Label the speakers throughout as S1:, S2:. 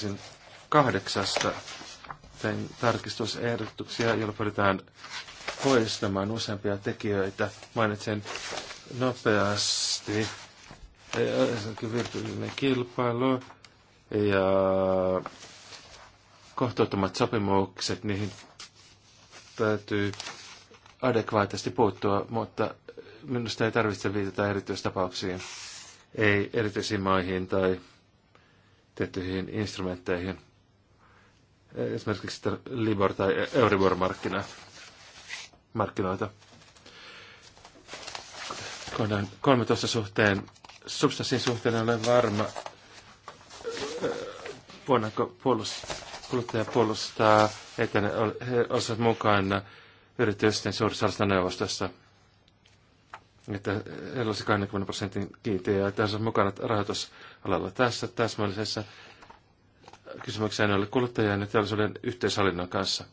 S1: sen kahdeksasta tein tarkistusehdotuksia, joilla pyritään poistamaan useampia tekijöitä. Mainitsen nopeasti eh, virtuaalinen kilpailu ja kohtuuttomat sopimukset, niihin täytyy adekvaatisti puuttua, mutta minusta ei tarvitse viitata erityistapauksiin, ei erityisiin maihin tai tiettyihin instrumentteihin, esimerkiksi sitä Libor- tai Euribor-markkinoita. Kohdan 13 suhteen, substanssin suhteen olen varma, äh, voidaanko puolustaa, kuluttaja puolustaa, että ne olisivat mukana yritysten suurissa neuvostossa että edellisen 20 prosentin kiintiö ja tässä on mukana rahoitusalalla tässä täsmällisessä kysymyksessä näille kuluttajien ja teollisuuden yhteishallinnon kanssa.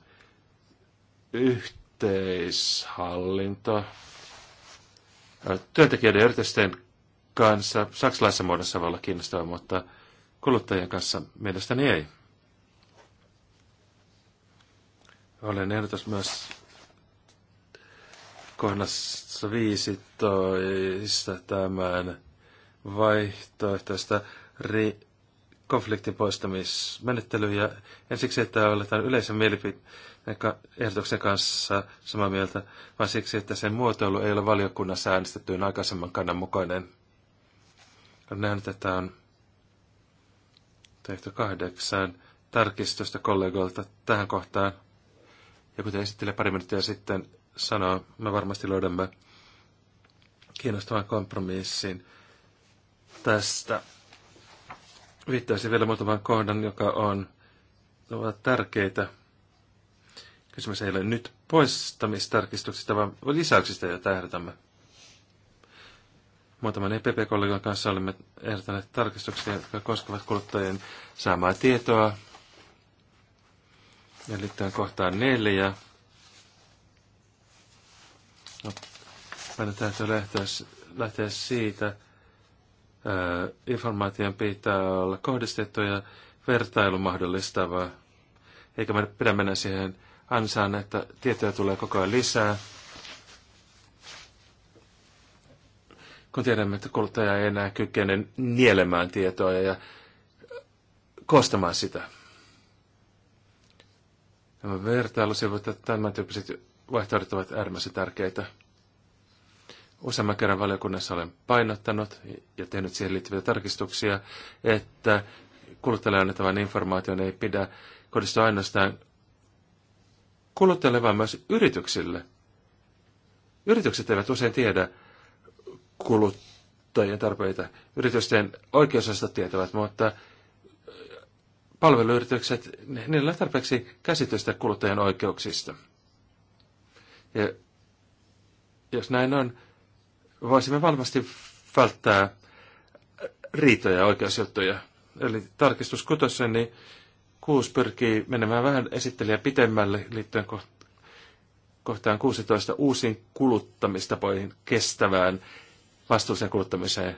S1: Yhteishallinto työntekijöiden ja yritysten kanssa saksalaisessa muodossa voi olla kiinnostava, mutta kuluttajien kanssa mielestäni ei. Olen ehdotus myös kohdassa 15 tämän vaihtoehtoista ri- konfliktin poistamismenettelyjä. Ensiksi, että oletaan yleisen mielipiteen kanssa samaa mieltä, vaan siksi, että sen muotoilu ei ole valiokunnassa äänestettyyn aikaisemman kannan mukainen. On nähnyt, että on tehty kahdeksan tarkistusta kollegoilta tähän kohtaan. Ja kuten esittelin pari minuuttia sitten, sanoa, me varmasti löydämme kiinnostavan kompromissin tästä. Viittaisin vielä muutaman kohdan, joka on ovat tärkeitä. Kysymys ei ole nyt poistamistarkistuksista, vaan lisäyksistä, joita ehdotamme. Muutaman EPP-kollegan kanssa olemme ehdottaneet tarkistuksia, jotka koskevat kuluttajien saamaa tietoa. Ja liittyen kohtaan neljä No, meidän täytyy lähteä, lähteä siitä, ää, informaation pitää olla kohdistettu ja vertailu mahdollistavaa. Eikä me pidä mennä siihen ansaan, että tietoja tulee koko ajan lisää. Kun tiedämme, että kuluttaja ei enää kykene nielemään tietoa ja koostamaan sitä. Vertailu se voi tämän tyyppiset vaihtoehdot ovat äärimmäisen tärkeitä. Useamman kerran valiokunnassa olen painottanut ja tehnyt siihen liittyviä tarkistuksia, että kuluttajalle annettavan informaation ei pidä kohdistua ainoastaan kuluttajalle, vaan myös yrityksille. Yritykset eivät usein tiedä kuluttajien tarpeita. Yritysten oikeusosastot tietävät, mutta palveluyritykset, niillä on tarpeeksi käsitystä kuluttajien oikeuksista. Ja jos näin on, voisimme varmasti välttää riitoja ja oikeusjuttuja. Eli tarkistus kutosen, niin kuusi pyrkii menemään vähän esittelijä pitemmälle liittyen kohtaan 16 uusiin kuluttamistapoihin kestävään vastuulliseen kuluttamiseen.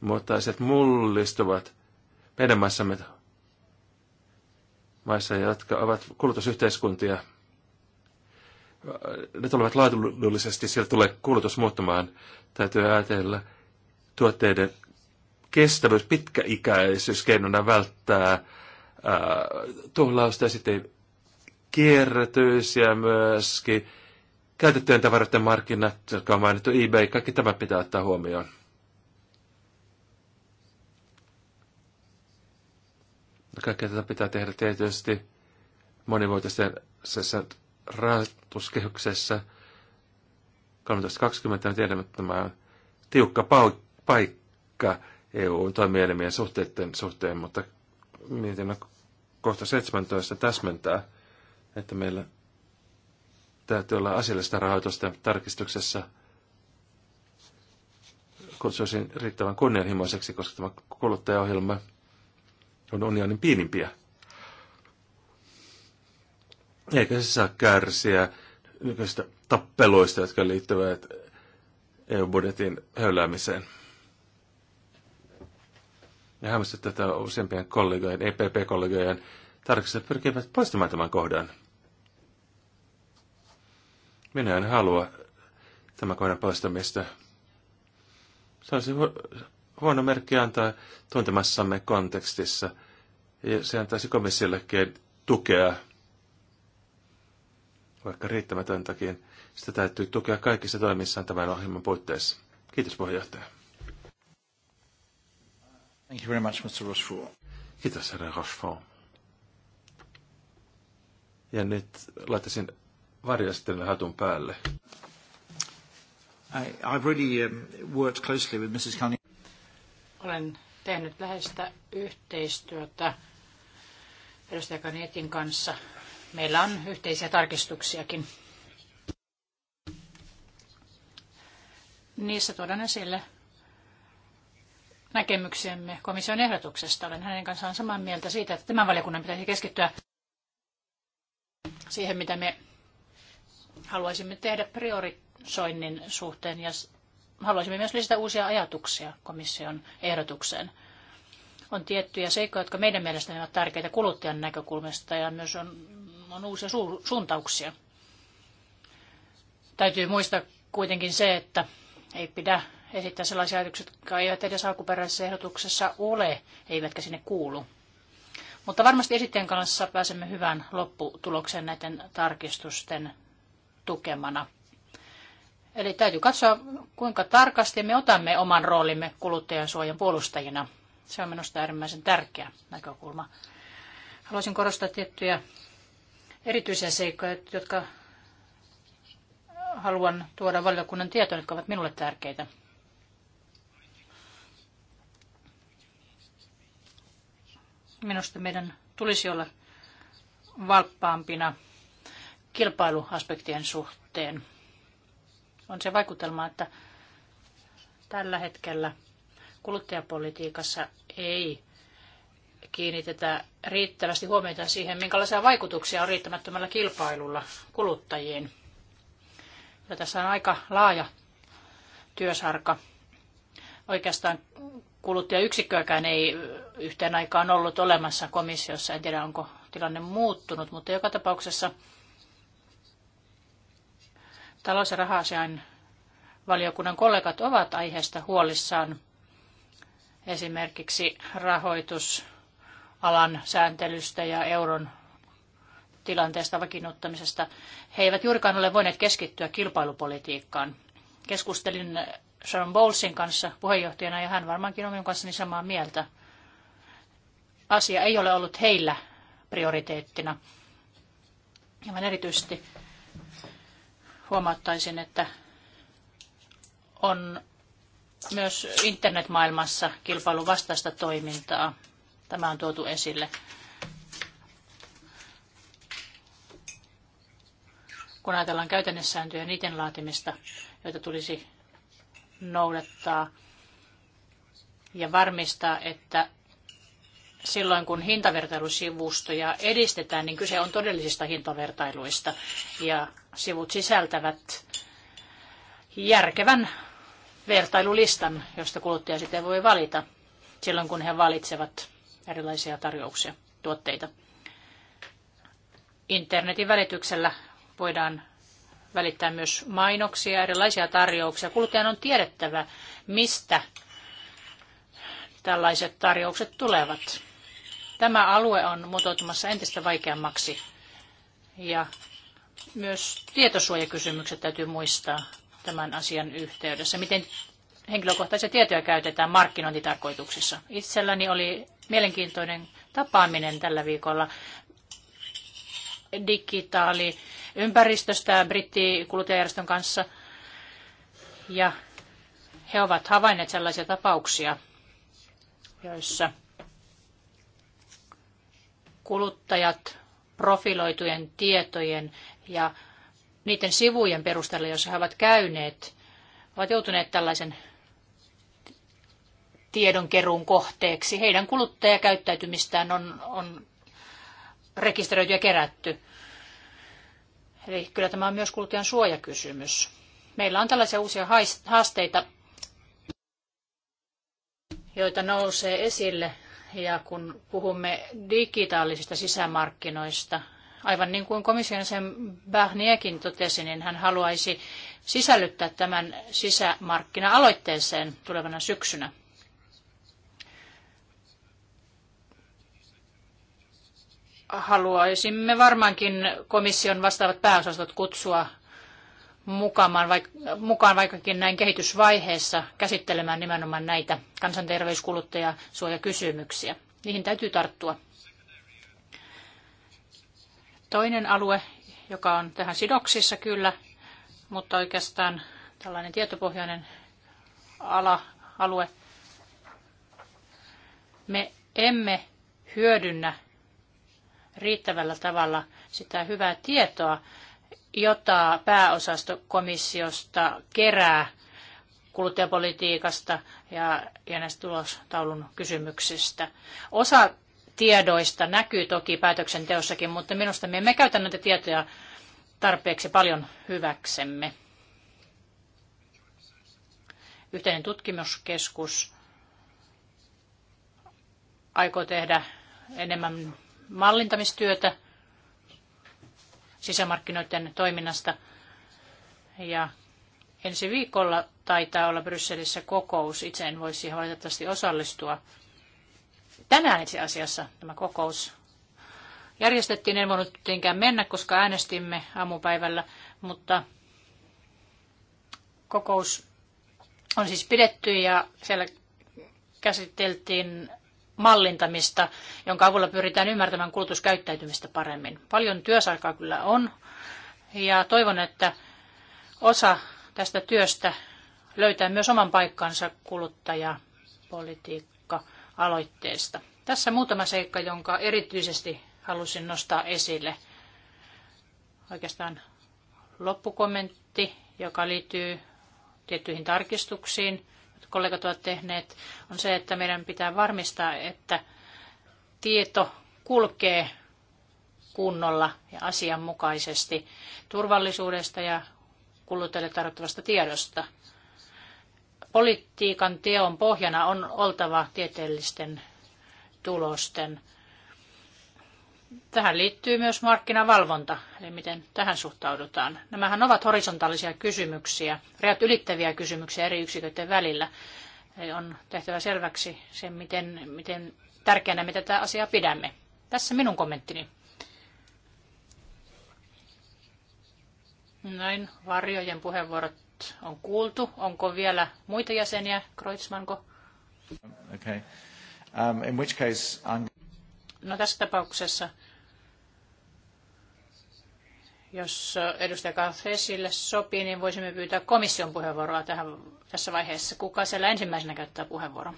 S1: Muottaiset mullistuvat meidän maissamme maissa, jotka ovat kulutusyhteiskuntia – Äh, ne tulevat laadullisesti, siellä tulee kulutus muuttumaan. Täytyy ajatella tuotteiden kestävyys, pitkäikäisyys keinona välttää ää, äh, tuhlausta ja sitten kierrätys ja myöskin käytettyjen tavaroiden markkinat, jotka on mainittu eBay, kaikki tämä pitää ottaa huomioon. No, kaikkea tätä pitää tehdä tietysti monivuotisten rahoituskehyksessä 13.20 tiedämme, että tämä on tiukka paikka EU-toimielimien suhteiden suhteen, mutta mietinnön kohta 17 täsmentää, että meillä täytyy olla asiallista rahoitusta tarkistuksessa kutsuisin riittävän kunnianhimoiseksi, koska tämä kuluttajaohjelma on unionin pienimpiä eikä se saa kärsiä nykyistä tappeluista, jotka liittyvät EU-budjetin höyläämiseen. Ja hämmästyttää tätä useampien kollegojen, EPP-kollegojen tarkistukset pyrkivät poistamaan tämän kohdan. Minä en halua tämän kohdan poistamista. Se olisi hu- huono merkki antaa tuntemassamme kontekstissa. Ja se antaisi komissiollekin tukea vaikka riittämätöntäkin, sitä täytyy tukea kaikissa toimissaan tämän ohjelman puitteissa. Kiitos puheenjohtaja. Thank you very much, Mr. Rochefort. Kiitos, herra Rochefort. Ja nyt laittaisin varjastelun hatun päälle. I, I've really um, worked closely with Mrs. Cunningham.
S2: Olen tehnyt läheistä yhteistyötä edustaja Kanietin kanssa Meillä on yhteisiä tarkistuksiakin. Niissä tuodaan esille näkemyksiämme komission ehdotuksesta. Olen hänen kanssaan samaa mieltä siitä, että tämän valiokunnan pitäisi keskittyä siihen, mitä me haluaisimme tehdä priorisoinnin suhteen ja haluaisimme myös lisätä uusia ajatuksia komission ehdotukseen. On tiettyjä seikkoja, jotka meidän mielestämme ovat tärkeitä kuluttajan näkökulmasta ja myös on on uusia su- suuntauksia. Täytyy muistaa kuitenkin se, että ei pidä esittää sellaisia ajatuksia, jotka eivät edes alkuperäisessä ehdotuksessa ole, eivätkä sinne kuulu. Mutta varmasti esitteen kanssa pääsemme hyvään lopputulokseen näiden tarkistusten tukemana. Eli täytyy katsoa, kuinka tarkasti me otamme oman roolimme kuluttajansuojan puolustajina. Se on minusta äärimmäisen tärkeä näkökulma. Haluaisin korostaa tiettyjä erityisiä seikkoja, jotka haluan tuoda valiokunnan tietoon, jotka ovat minulle tärkeitä. Minusta meidän tulisi olla valppaampina kilpailuaspektien suhteen. On se vaikutelma, että tällä hetkellä kuluttajapolitiikassa ei kiinnitetä riittävästi huomiota siihen, minkälaisia vaikutuksia on riittämättömällä kilpailulla kuluttajiin. Ja tässä on aika laaja työsarka. Oikeastaan kuluttajayksikköäkään ei yhteen aikaan ollut olemassa komissiossa. En tiedä, onko tilanne muuttunut, mutta joka tapauksessa talous- ja raha valiokunnan kollegat ovat aiheesta huolissaan. Esimerkiksi rahoitus alan sääntelystä ja euron tilanteesta vakiinnuttamisesta. He eivät juurikaan ole voineet keskittyä kilpailupolitiikkaan. Keskustelin Sharon Bowlesin kanssa puheenjohtajana ja hän varmaankin on minun kanssani samaa mieltä. Asia ei ole ollut heillä prioriteettina. Ja erityisesti huomauttaisin, että on myös internetmaailmassa kilpailun vastaista toimintaa. Tämä on tuotu esille. Kun ajatellaan käytännössääntöjä niiden laatimista, joita tulisi noudattaa ja varmistaa, että silloin kun hintavertailusivustoja edistetään, niin kyse on todellisista hintavertailuista ja sivut sisältävät järkevän vertailulistan, josta kuluttaja sitten voi valita silloin, kun he valitsevat erilaisia tarjouksia, tuotteita. Internetin välityksellä voidaan välittää myös mainoksia, erilaisia tarjouksia. Kuluttajan on tiedettävä, mistä tällaiset tarjoukset tulevat. Tämä alue on muotoutumassa entistä vaikeammaksi ja myös tietosuojakysymykset täytyy muistaa tämän asian yhteydessä. Miten henkilökohtaisia tietoja käytetään markkinointitarkoituksissa? Itselläni oli mielenkiintoinen tapaaminen tällä viikolla digitaali ympäristöstä kanssa. Ja he ovat havainneet sellaisia tapauksia, joissa kuluttajat profiloitujen tietojen ja niiden sivujen perusteella, joissa he ovat käyneet, ovat joutuneet tällaisen tiedonkeruun kohteeksi. Heidän kuluttajakäyttäytymistään on, on rekisteröity ja kerätty. Eli kyllä tämä on myös kuluttajan suojakysymys. Meillä on tällaisia uusia haasteita, joita nousee esille. Ja kun puhumme digitaalisista sisämarkkinoista, aivan niin kuin komission sen Bahniekin totesi, niin hän haluaisi sisällyttää tämän sisämarkkina-aloitteeseen tulevana syksynä. haluaisimme varmaankin komission vastaavat pääosastot kutsua mukaan, mukaan vaikkakin näin kehitysvaiheessa käsittelemään nimenomaan näitä kansanterveyskuluttaja-suojakysymyksiä. Niihin täytyy tarttua. Toinen alue, joka on tähän sidoksissa kyllä, mutta oikeastaan tällainen tietopohjainen ala, alue. Me emme hyödynnä riittävällä tavalla sitä hyvää tietoa, jota pääosasto komissiosta kerää kuluttajapolitiikasta ja, ja näistä tulostaulun kysymyksistä. Osa tiedoista näkyy toki päätöksenteossakin, mutta minusta me emme käytä näitä tietoja tarpeeksi paljon hyväksemme. Yhteinen tutkimuskeskus aikoo tehdä enemmän mallintamistyötä sisämarkkinoiden toiminnasta. Ja ensi viikolla taitaa olla Brysselissä kokous. Itse en voi siihen valitettavasti osallistua. Tänään itse asiassa tämä kokous järjestettiin. En voinut tietenkään mennä, koska äänestimme aamupäivällä, mutta kokous on siis pidetty ja siellä käsiteltiin mallintamista, jonka avulla pyritään ymmärtämään kulutuskäyttäytymistä paremmin. Paljon työsaikaa kyllä on ja toivon, että osa tästä työstä löytää myös oman paikkansa kuluttajapolitiikka-aloitteesta. Tässä muutama seikka, jonka erityisesti halusin nostaa esille. Oikeastaan loppukommentti, joka liittyy tiettyihin tarkistuksiin kollegat ovat tehneet, on se, että meidän pitää varmistaa, että tieto kulkee kunnolla ja asianmukaisesti turvallisuudesta ja kuluttajille tarvittavasta tiedosta. Politiikan teon pohjana on oltava tieteellisten tulosten. Tähän liittyy myös markkinavalvonta, eli miten tähän suhtaudutaan. Nämähän ovat horisontaalisia kysymyksiä, rajat ylittäviä kysymyksiä eri yksiköiden välillä. Eli on tehtävä selväksi se, miten, miten tärkeänä me tätä asiaa pidämme. Tässä minun kommenttini. Näin, varjojen puheenvuorot on kuultu. Onko vielä muita jäseniä, Kreutzmanko? Okay. Um, in which case I'm... No tässä tapauksessa, jos edustaja Kalfesille sopii, niin voisimme pyytää komission puheenvuoroa tähän, tässä vaiheessa. Kuka siellä ensimmäisenä käyttää puheenvuoron?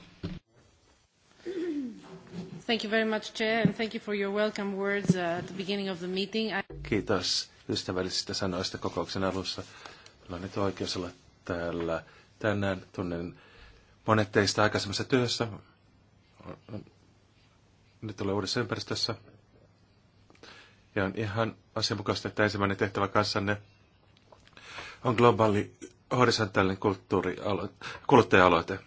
S2: Thank you very much, Chair, and thank you for your welcome words uh, at the beginning of the meeting.
S1: Kiitos ystävällisistä sanoista kokouksen alussa. Meillä on nyt oikeus olla täällä tänään. Tunnen monet teistä aikaisemmassa työssä nyt olen uudessa ympäristössä. Ja on ihan asianmukaista, että ensimmäinen tehtävä kanssanne on globaali horisontaalinen kuluttaja-aloite.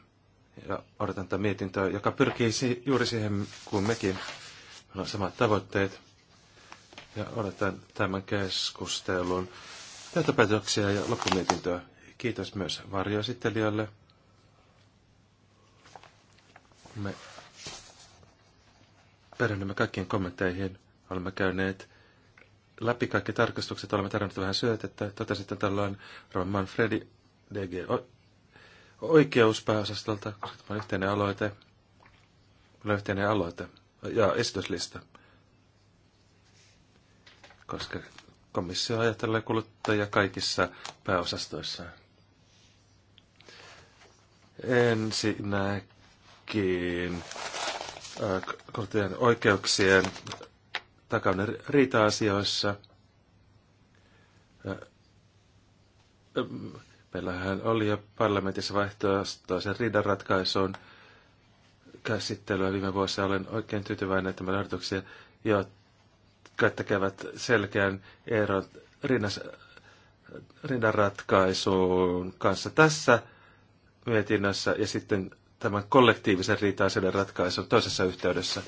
S1: Ja odotan tätä mietintöä, joka pyrkii si- juuri siihen kuin mekin. Meillä on samat tavoitteet. Ja odotan tämän keskustelun johtopäätöksiä ja loppumietintöä. Kiitos myös varjoesittelijöille. Me perehdymme kaikkiin kommentteihin. Olemme käyneet läpi kaikki tarkastukset, olemme tarjonneet vähän syötettä. tätä sitten tällä on Fredi Manfredi DG oikeuspääosastolta. Tämä on yhteinen aloite. Meillä on yhteinen aloite ja esityslista. Koska komissio ajattelee kuluttajia kaikissa pääosastoissa. Ensinnäkin kuluttajien oikeuksien takana riita-asioissa. Meillähän oli jo parlamentissa sen riidanratkaisuun käsittelyä viime vuosina. Olen oikein tyytyväinen meillä ehdotuksia, jo tekevät selkeän eron rinnas, kanssa tässä mietinnössä ja sitten tämän kollektiivisen riitaisuuden ratkaisun toisessa yhteydessä.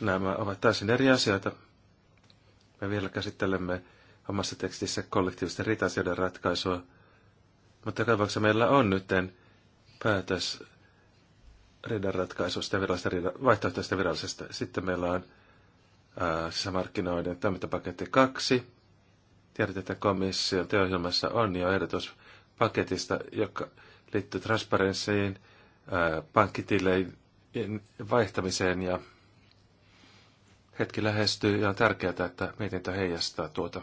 S1: Nämä ovat täysin eri asioita. Me vielä käsittelemme omassa tekstissä kollektiivisten riitaisuuden ratkaisua, mutta joka meillä on nyt päätös ratkaisusta ja virallisesta riidan, vaihtoehtoista virallisesta. Sitten meillä on äh, sisämarkkinoiden toimintapaketti 2. Tiedät, että komission työohjelmassa on jo ehdotus paketista, joka liittyy transparenssiin, pankkitileiden vaihtamiseen ja hetki lähestyy ja on tärkeää, että mietintö heijastaa tuota.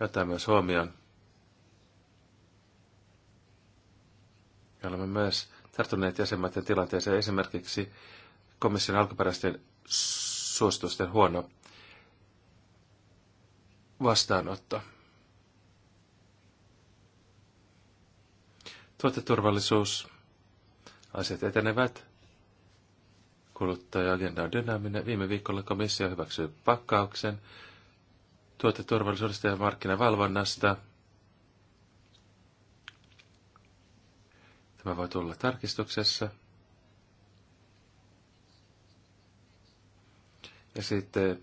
S1: Jätää myös huomioon. Ja olemme myös tarttuneet jäsenmaiden tilanteeseen esimerkiksi komission alkuperäisten suositusten huono vastaanotto. Tuoteturvallisuus. Asiat etenevät. Kuluttaja-agenda on dynaaminen. Viime viikolla komissio hyväksyi pakkauksen tuoteturvallisuudesta ja markkinavalvonnasta. Tämä voi tulla tarkistuksessa. Ja sitten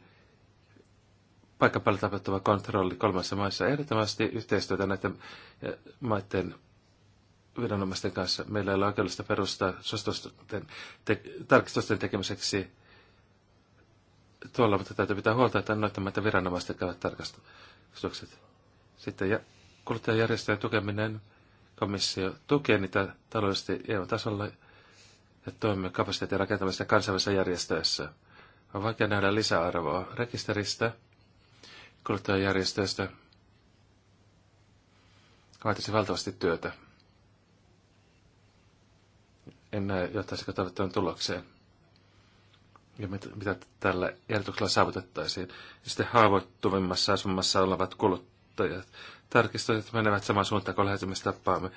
S1: paikan päällä tapahtuva kontrolli kolmessa maissa ehdottomasti yhteistyötä näiden maiden viranomaisten kanssa. Meillä ei ole oikeudellista perustaa te- tarkistusten tekemiseksi tuolla, mutta täytyy pitää huolta, että annoittamatta viranomaisten käyvät tarkastukset. Sitten ja kuluttajajärjestöjen tukeminen, komissio tukee niitä taloudellisesti EU-tasolla ja toimii kapasiteetin rakentamista kansainvälisissä järjestöissä. On vaikea nähdä lisäarvoa rekisteristä, kuluttajajärjestöistä. Vaatisi valtavasti työtä. En näe, johtaisiko toivottuun tulokseen. Ja mit, mitä tällä ehdotuksella saavutettaisiin. Ja sitten haavoittuvimmassa asumassa olevat kuluttajat. Tarkistukset menevät samaan suuntaan kuin lähetymistapaamme.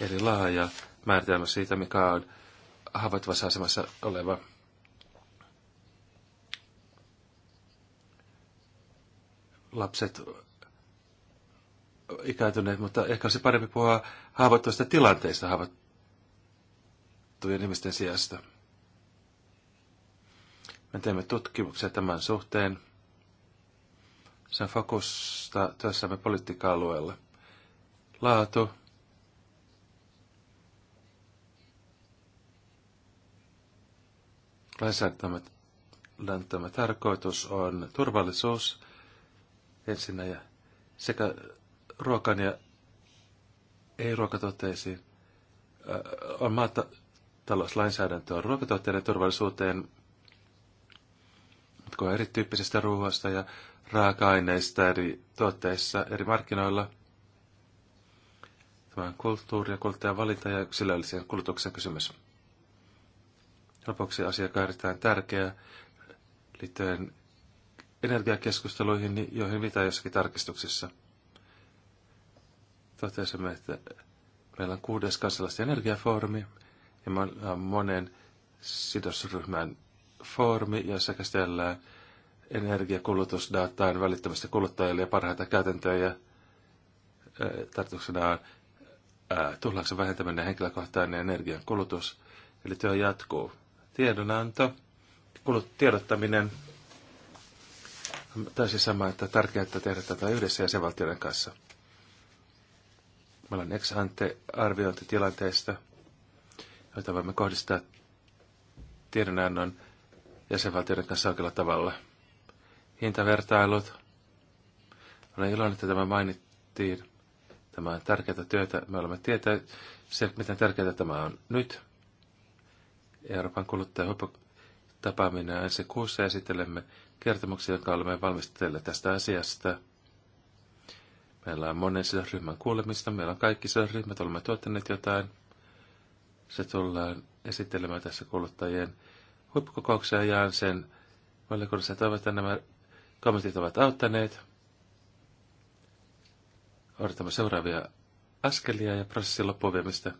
S1: Eli laaja määritelmä siitä, mikä on haavoittuvassa asemassa oleva lapset ikääntyneet, mutta ehkä olisi parempi puhua haavoittuvista tilanteista haavoittuvista tunnettujen ihmisten sijasta. Me teemme tutkimuksia tämän suhteen. Se on fokusta työssämme politiikka-alueella. Laatu. Lainsäädäntömme tarkoitus on turvallisuus ensinnä ja sekä ruokan ja ei ruokatoteisiin on maata, talouslainsäädäntöä ruokatuotteiden turvallisuuteen, kun erityyppisestä ruoasta ja raaka-aineista eri tuotteissa eri markkinoilla. Tämä on kulttuuri ja kuluttajan valinta ja yksilöllisen kulutuksen kysymys. Lopuksi asia erittäin tärkeä liittyen energiakeskusteluihin, niin joihin mitä jossakin tarkistuksissa. Totesimme, että meillä on kuudes kansalaisten energiafoorumi, ja monen sidosryhmän foorumi, jossa käsitellään energiakulutusdataan välittömästi kuluttajille ja parhaita käytäntöjä. Äh, Tartuksena on äh, tuhlauksen vähentäminen ja henkilökohtainen energian kulutus. Eli työ jatkuu. Tiedonanto, kulut, tiedottaminen. Täysin siis sama, että tärkeää tehdä tätä yhdessä jäsenvaltioiden kanssa. Meillä on ex-ante arviointi joita voimme kohdistaa tiedonannon jäsenvaltioiden kanssa oikealla tavalla. Hintavertailut. Olen iloinen, että tämä mainittiin. Tämä on tärkeää työtä. Me olemme tietää se, miten tärkeää tämä on nyt. Euroopan tapaaminen ensi kuussa esittelemme kertomuksia, jotka olemme valmistelleet tästä asiasta. Meillä on monen ryhmän kuulemista, meillä on kaikki sidosryhmät, olemme tuottaneet jotain. Se tullaan esittelemään tässä kuluttajien huippukokouksia ja sen valiokunnassa toivotan nämä kommentit ovat auttaneet. Odotamme seuraavia askelia ja prosessin loppuviemistä.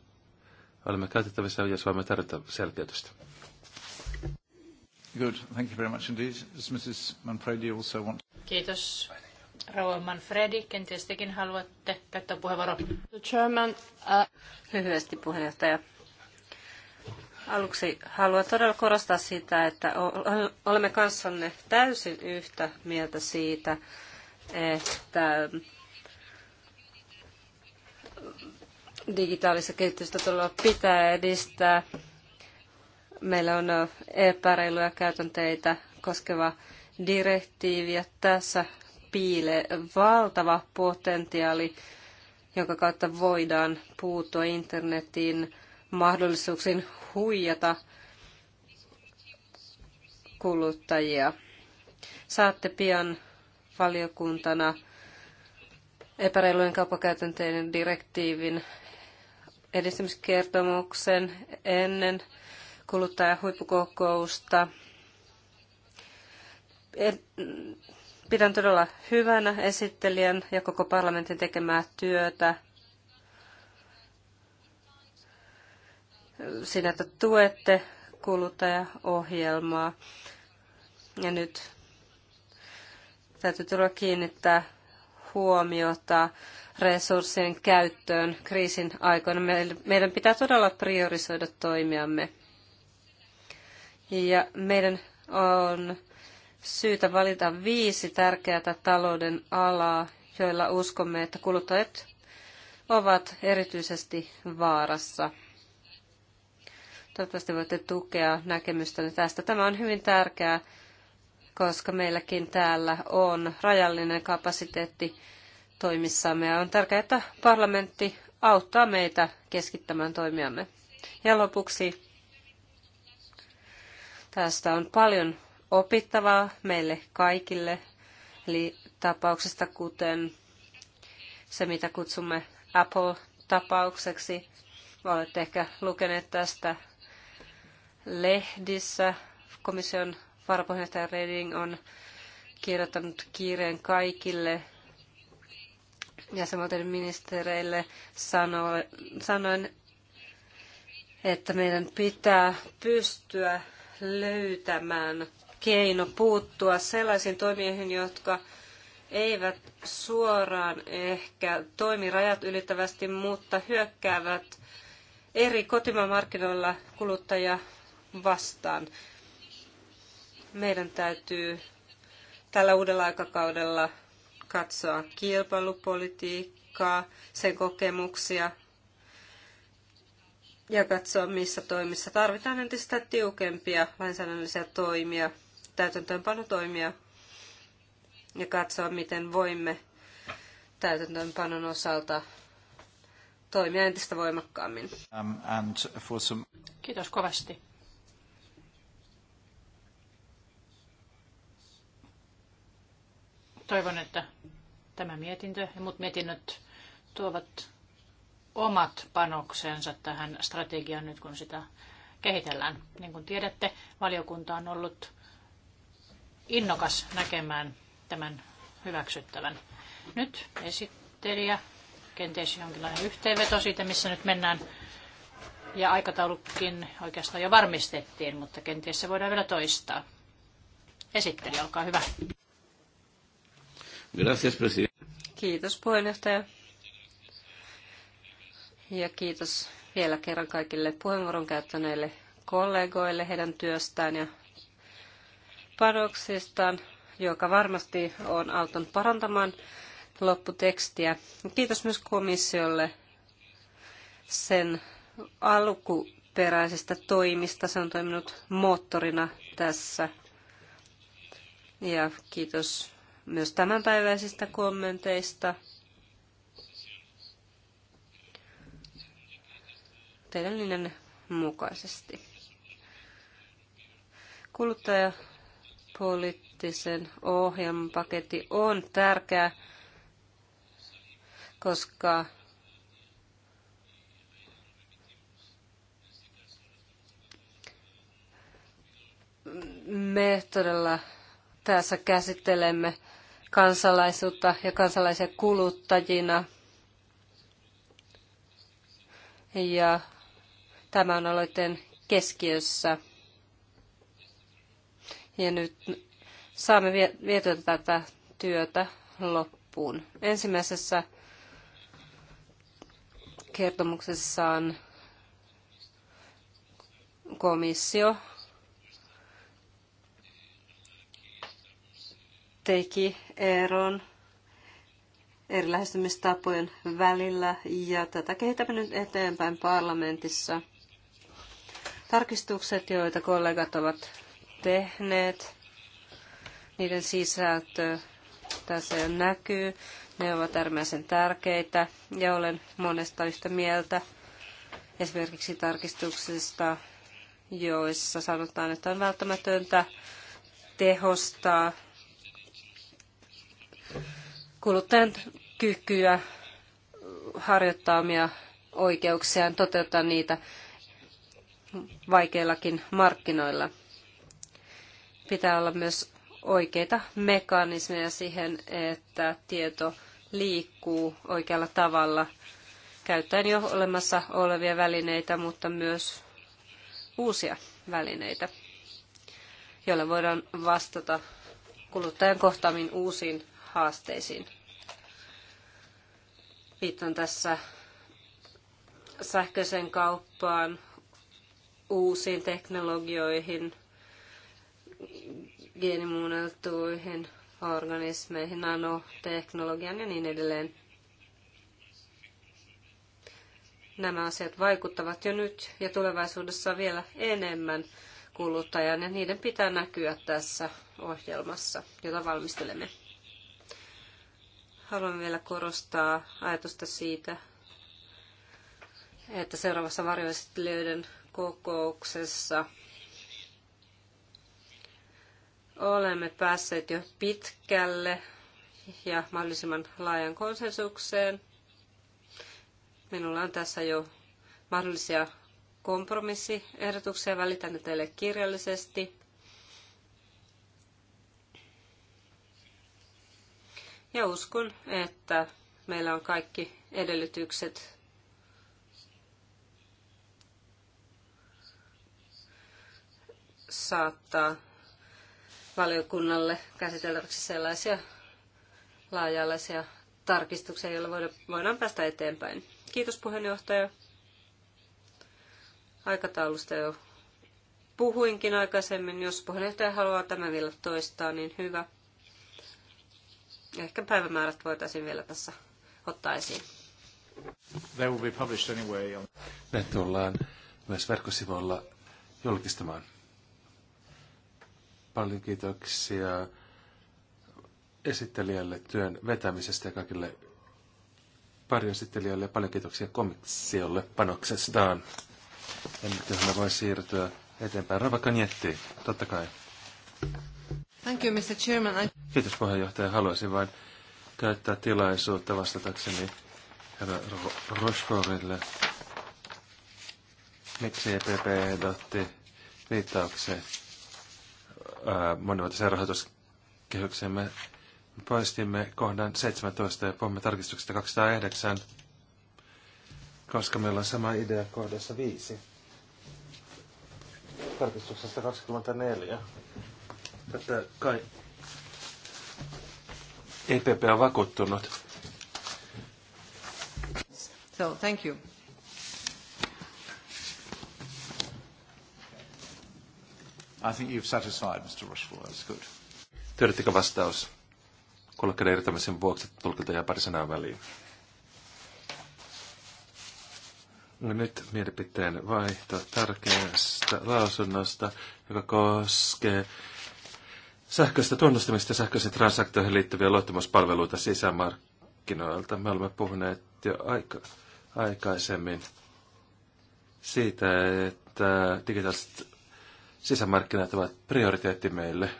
S1: Olemme käytettävissä, ja Suomen tarjota selkeytystä.
S2: Good. Thank you very much indeed. Does Mrs. Manfredi also want... Kiitos. Rauha Manfredi, kenties tekin haluatte käyttää puheenvuoron. The chairman,
S3: uh... Lyhyesti puheenjohtaja. Aluksi haluan todella korostaa sitä, että olemme kanssanne täysin yhtä mieltä siitä, että digitaalista kehitystä todella pitää edistää. Meillä on epäreiluja käytänteitä koskeva direktiivi ja tässä piilee valtava potentiaali, jonka kautta voidaan puuttua internetin mahdollisuuksiin huijata kuluttajia. Saatte pian valiokuntana epäreilujen kauppakäytänteiden direktiivin edistämiskertomuksen ennen kuluttajahuippukokousta. Pidän todella hyvänä esittelijän ja koko parlamentin tekemää työtä sinä että tuette kuluttajaohjelmaa. Ja nyt täytyy tulla kiinnittää huomiota resurssien käyttöön kriisin aikoina. Meidän pitää todella priorisoida toimiamme. Ja meidän on syytä valita viisi tärkeää talouden alaa, joilla uskomme, että kuluttajat ovat erityisesti vaarassa. Toivottavasti voitte tukea näkemystäni tästä. Tämä on hyvin tärkeää, koska meilläkin täällä on rajallinen kapasiteetti toimissamme. Ja on tärkeää, että parlamentti auttaa meitä keskittämään toimiamme. Ja lopuksi tästä on paljon opittavaa meille kaikille, eli tapauksesta kuten se, mitä kutsumme Apple-tapaukseksi. Olette ehkä lukeneet tästä lehdissä. Komission varapuheenjohtaja Reding on kirjoittanut kiireen kaikille jäsenvaltioiden ministereille sanoin, että meidän pitää pystyä löytämään keino puuttua sellaisiin toimijoihin, jotka eivät suoraan ehkä toimi rajat ylittävästi, mutta hyökkäävät eri kotimaan markkinoilla kuluttajia vastaan. Meidän täytyy tällä uudella aikakaudella katsoa kilpailupolitiikkaa, sen kokemuksia ja katsoa, missä toimissa tarvitaan entistä tiukempia lainsäädännöllisiä toimia, täytäntöönpanotoimia ja katsoa, miten voimme täytäntöönpanon osalta toimia entistä voimakkaammin.
S2: Um, some...
S3: Kiitos kovasti.
S2: Toivon, että tämä mietintö ja muut mietinnöt tuovat omat panoksensa tähän strategiaan nyt, kun sitä kehitellään. Niin kuin tiedätte, valiokunta on ollut innokas näkemään tämän hyväksyttävän. Nyt esittelijä, kenties jonkinlainen yhteenveto siitä, missä nyt mennään. Ja aikataulukin oikeastaan jo varmistettiin, mutta kenties se voidaan vielä toistaa. Esittelijä, olkaa hyvä.
S3: Gracias, presidente.
S2: Kiitos puheenjohtaja.
S3: Ja kiitos vielä kerran kaikille puheenvuoron käyttäneille kollegoille heidän työstään ja panoksistaan, joka varmasti on auttanut parantamaan lopputekstiä. Kiitos myös komissiolle sen alkuperäisistä toimista. Se on toiminut moottorina tässä. Ja kiitos myös tämänpäiväisistä kommenteista. Teidän linjanne mukaisesti. Kuluttajapoliittisen ohjelman paketti on tärkeä, koska me todella tässä käsittelemme kansalaisuutta ja kansalaisia kuluttajina. Ja tämä on aloitteen keskiössä. Ja nyt saamme vietyä tätä työtä loppuun. Ensimmäisessä kertomuksessaan komissio teki eron eri lähestymistapojen välillä ja tätä kehitämme nyt eteenpäin parlamentissa. Tarkistukset, joita kollegat ovat tehneet, niiden sisältö tässä jo näkyy. Ne ovat äärimmäisen tärkeitä ja olen monesta yhtä mieltä. Esimerkiksi tarkistuksista, joissa sanotaan, että on välttämätöntä tehostaa kuluttajan kykyä harjoittaa omia oikeuksiaan, toteuttaa niitä vaikeillakin markkinoilla. Pitää olla myös oikeita mekanismeja siihen, että tieto liikkuu oikealla tavalla, käyttäen jo olemassa olevia välineitä, mutta myös uusia välineitä, joilla voidaan vastata kuluttajan kohtaamiin uusiin haasteisiin. Viittaan tässä sähköiseen kauppaan, uusiin teknologioihin, geenimuunneltuihin organismeihin, nanoteknologian ja niin edelleen. Nämä asiat vaikuttavat jo nyt ja tulevaisuudessa vielä enemmän kuluttajan ja niiden pitää näkyä tässä ohjelmassa, jota valmistelemme haluan vielä korostaa ajatusta siitä, että seuraavassa varjoesittelijöiden kokouksessa olemme päässeet jo pitkälle ja mahdollisimman laajan konsensukseen. Minulla on tässä jo mahdollisia kompromissiehdotuksia. Välitän ne teille kirjallisesti. Ja uskon, että meillä on kaikki edellytykset saattaa valiokunnalle käsiteltäväksi sellaisia laaja-alaisia tarkistuksia, joilla voidaan päästä eteenpäin. Kiitos puheenjohtaja. Aikataulusta jo puhuinkin aikaisemmin. Jos puheenjohtaja haluaa tämän vielä toistaa, niin hyvä. Ehkä päivämäärät voitaisiin vielä tässä ottaa esiin.
S2: They will be published anyway.
S1: Ne tullaan myös verkkosivuilla julkistamaan. Paljon kiitoksia esittelijälle työn vetämisestä ja kaikille pari esittelijälle ja paljon kiitoksia komiksiolle panoksestaan. Ja nyt voi siirtyä eteenpäin. Rava totta kai.
S3: Thank you, Mr. Chairman. I...
S1: Kiitos puheenjohtaja. Haluaisin vain käyttää tilaisuutta vastatakseni herra Rochefortille. Miksi EPP ehdotti viittaukseen monivuotisen rahoituskehykseen? Me poistimme kohdan 17 ja puhumme tarkistuksesta 209, koska meillä on sama idea kohdassa 5. Tarkistuksesta 24. Tätä kai EPP on vakuuttunut.
S3: So, thank you.
S2: I think you've satisfied, Mr. Rushford. That's good.
S1: Tiedättekö vastaus? Kollegan irtämisen vuoksi tulkilta jää pari sanaa väliin. No nyt mielipiteen vaihto tärkeästä lausunnosta, joka koskee sähköistä tunnustamista ja sähköisiin transaktioihin liittyviä luottamuspalveluita sisämarkkinoilta. Me olemme puhuneet jo aika, aikaisemmin siitä, että digitaaliset sisämarkkinat ovat prioriteetti meille.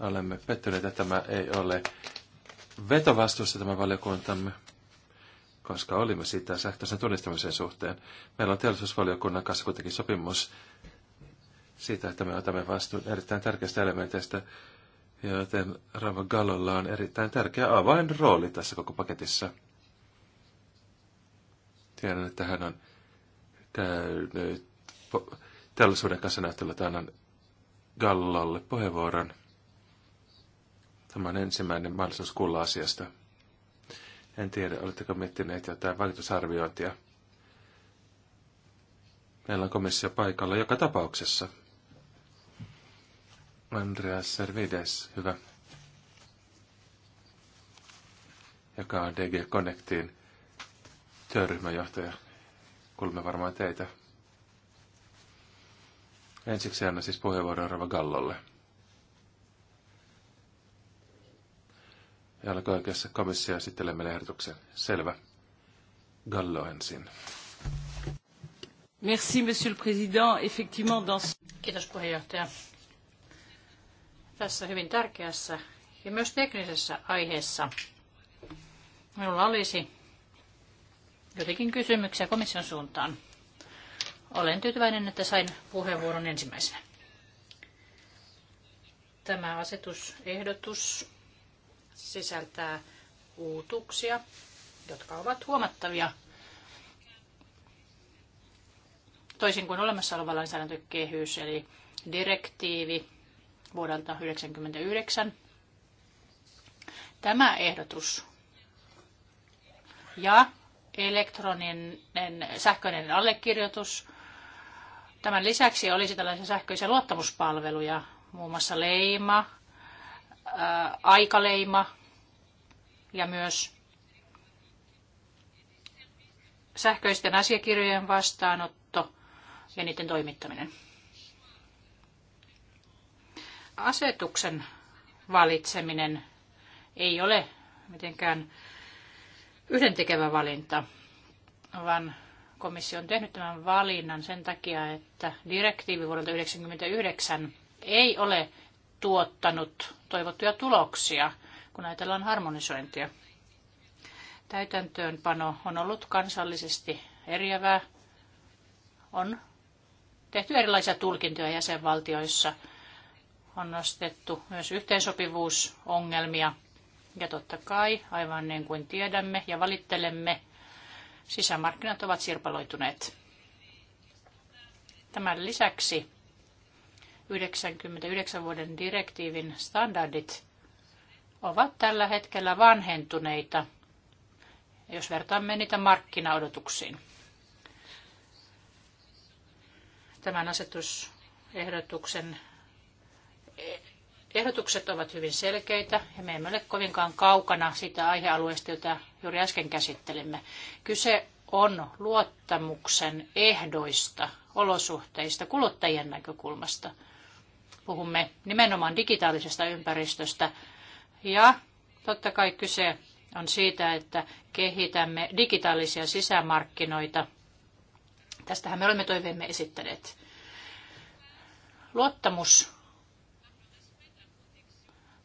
S1: Olemme pettyneitä, että tämä ei ole vetovastuussa tämä valiokuntamme, koska olimme sitä sähköisen tunnistamisen suhteen. Meillä on teollisuusvaliokunnan kanssa kuitenkin sopimus siitä, että me otamme vastuun erittäin tärkeästä elementeistä, joten Rava Gallolla on erittäin tärkeä avainrooli tässä koko paketissa. Tiedän, että hän on käynyt teollisuuden kanssa näyttelyllä tämän Gallolle puheenvuoron. Tämä on ensimmäinen mahdollisuus kuulla asiasta. En tiedä, oletteko miettineet jotain vaikutusarviointia. Meillä on komissio paikalla joka tapauksessa. Andreas Servides, hyvä. Joka on DG Connectin työryhmäjohtaja. Kuulemme varmaan teitä. Ensiksi annan siis puheenvuoron Rava Gallolle. Ja alkaa oikeassa komissio esittelee ehdotuksen. Selvä. Gallo ensin.
S2: Merci, monsieur le président. Effectivement, dans... Kiitos puheenjohtaja tässä hyvin tärkeässä ja myös teknisessä aiheessa. Minulla olisi jotakin kysymyksiä komission suuntaan. Olen tyytyväinen, että sain puheenvuoron ensimmäisenä. Tämä asetusehdotus sisältää uutuksia, jotka ovat huomattavia toisin kuin olemassa oleva lainsäädäntökehys, eli direktiivi vuodelta 1999. Tämä ehdotus ja elektroninen sähköinen allekirjoitus. Tämän lisäksi olisi tällaisia sähköisiä luottamuspalveluja, muun muassa leima, ää, aikaleima ja myös sähköisten asiakirjojen vastaanotto ja niiden toimittaminen. Asetuksen valitseminen ei ole mitenkään yhdentekevä valinta, vaan komissio on tehnyt tämän valinnan sen takia, että direktiivi vuodelta 1999 ei ole tuottanut toivottuja tuloksia, kun ajatellaan harmonisointia. Täytäntöönpano on ollut kansallisesti eriävää. On tehty erilaisia tulkintoja jäsenvaltioissa – on nostettu myös yhteensopivuusongelmia. Ja totta kai, aivan niin kuin tiedämme ja valittelemme, sisämarkkinat ovat sirpaloituneet. Tämän lisäksi 99 vuoden direktiivin standardit ovat tällä hetkellä vanhentuneita, jos vertaamme niitä markkinaodotuksiin. Tämän asetusehdotuksen Ehdotukset ovat hyvin selkeitä ja me emme ole kovinkaan kaukana siitä aihealueesta, jota juuri äsken käsittelimme. Kyse on luottamuksen ehdoista, olosuhteista, kuluttajien näkökulmasta. Puhumme nimenomaan digitaalisesta ympäristöstä ja totta kai kyse on siitä, että kehitämme digitaalisia sisämarkkinoita. Tästähän me olemme toiveemme esittäneet. Luottamus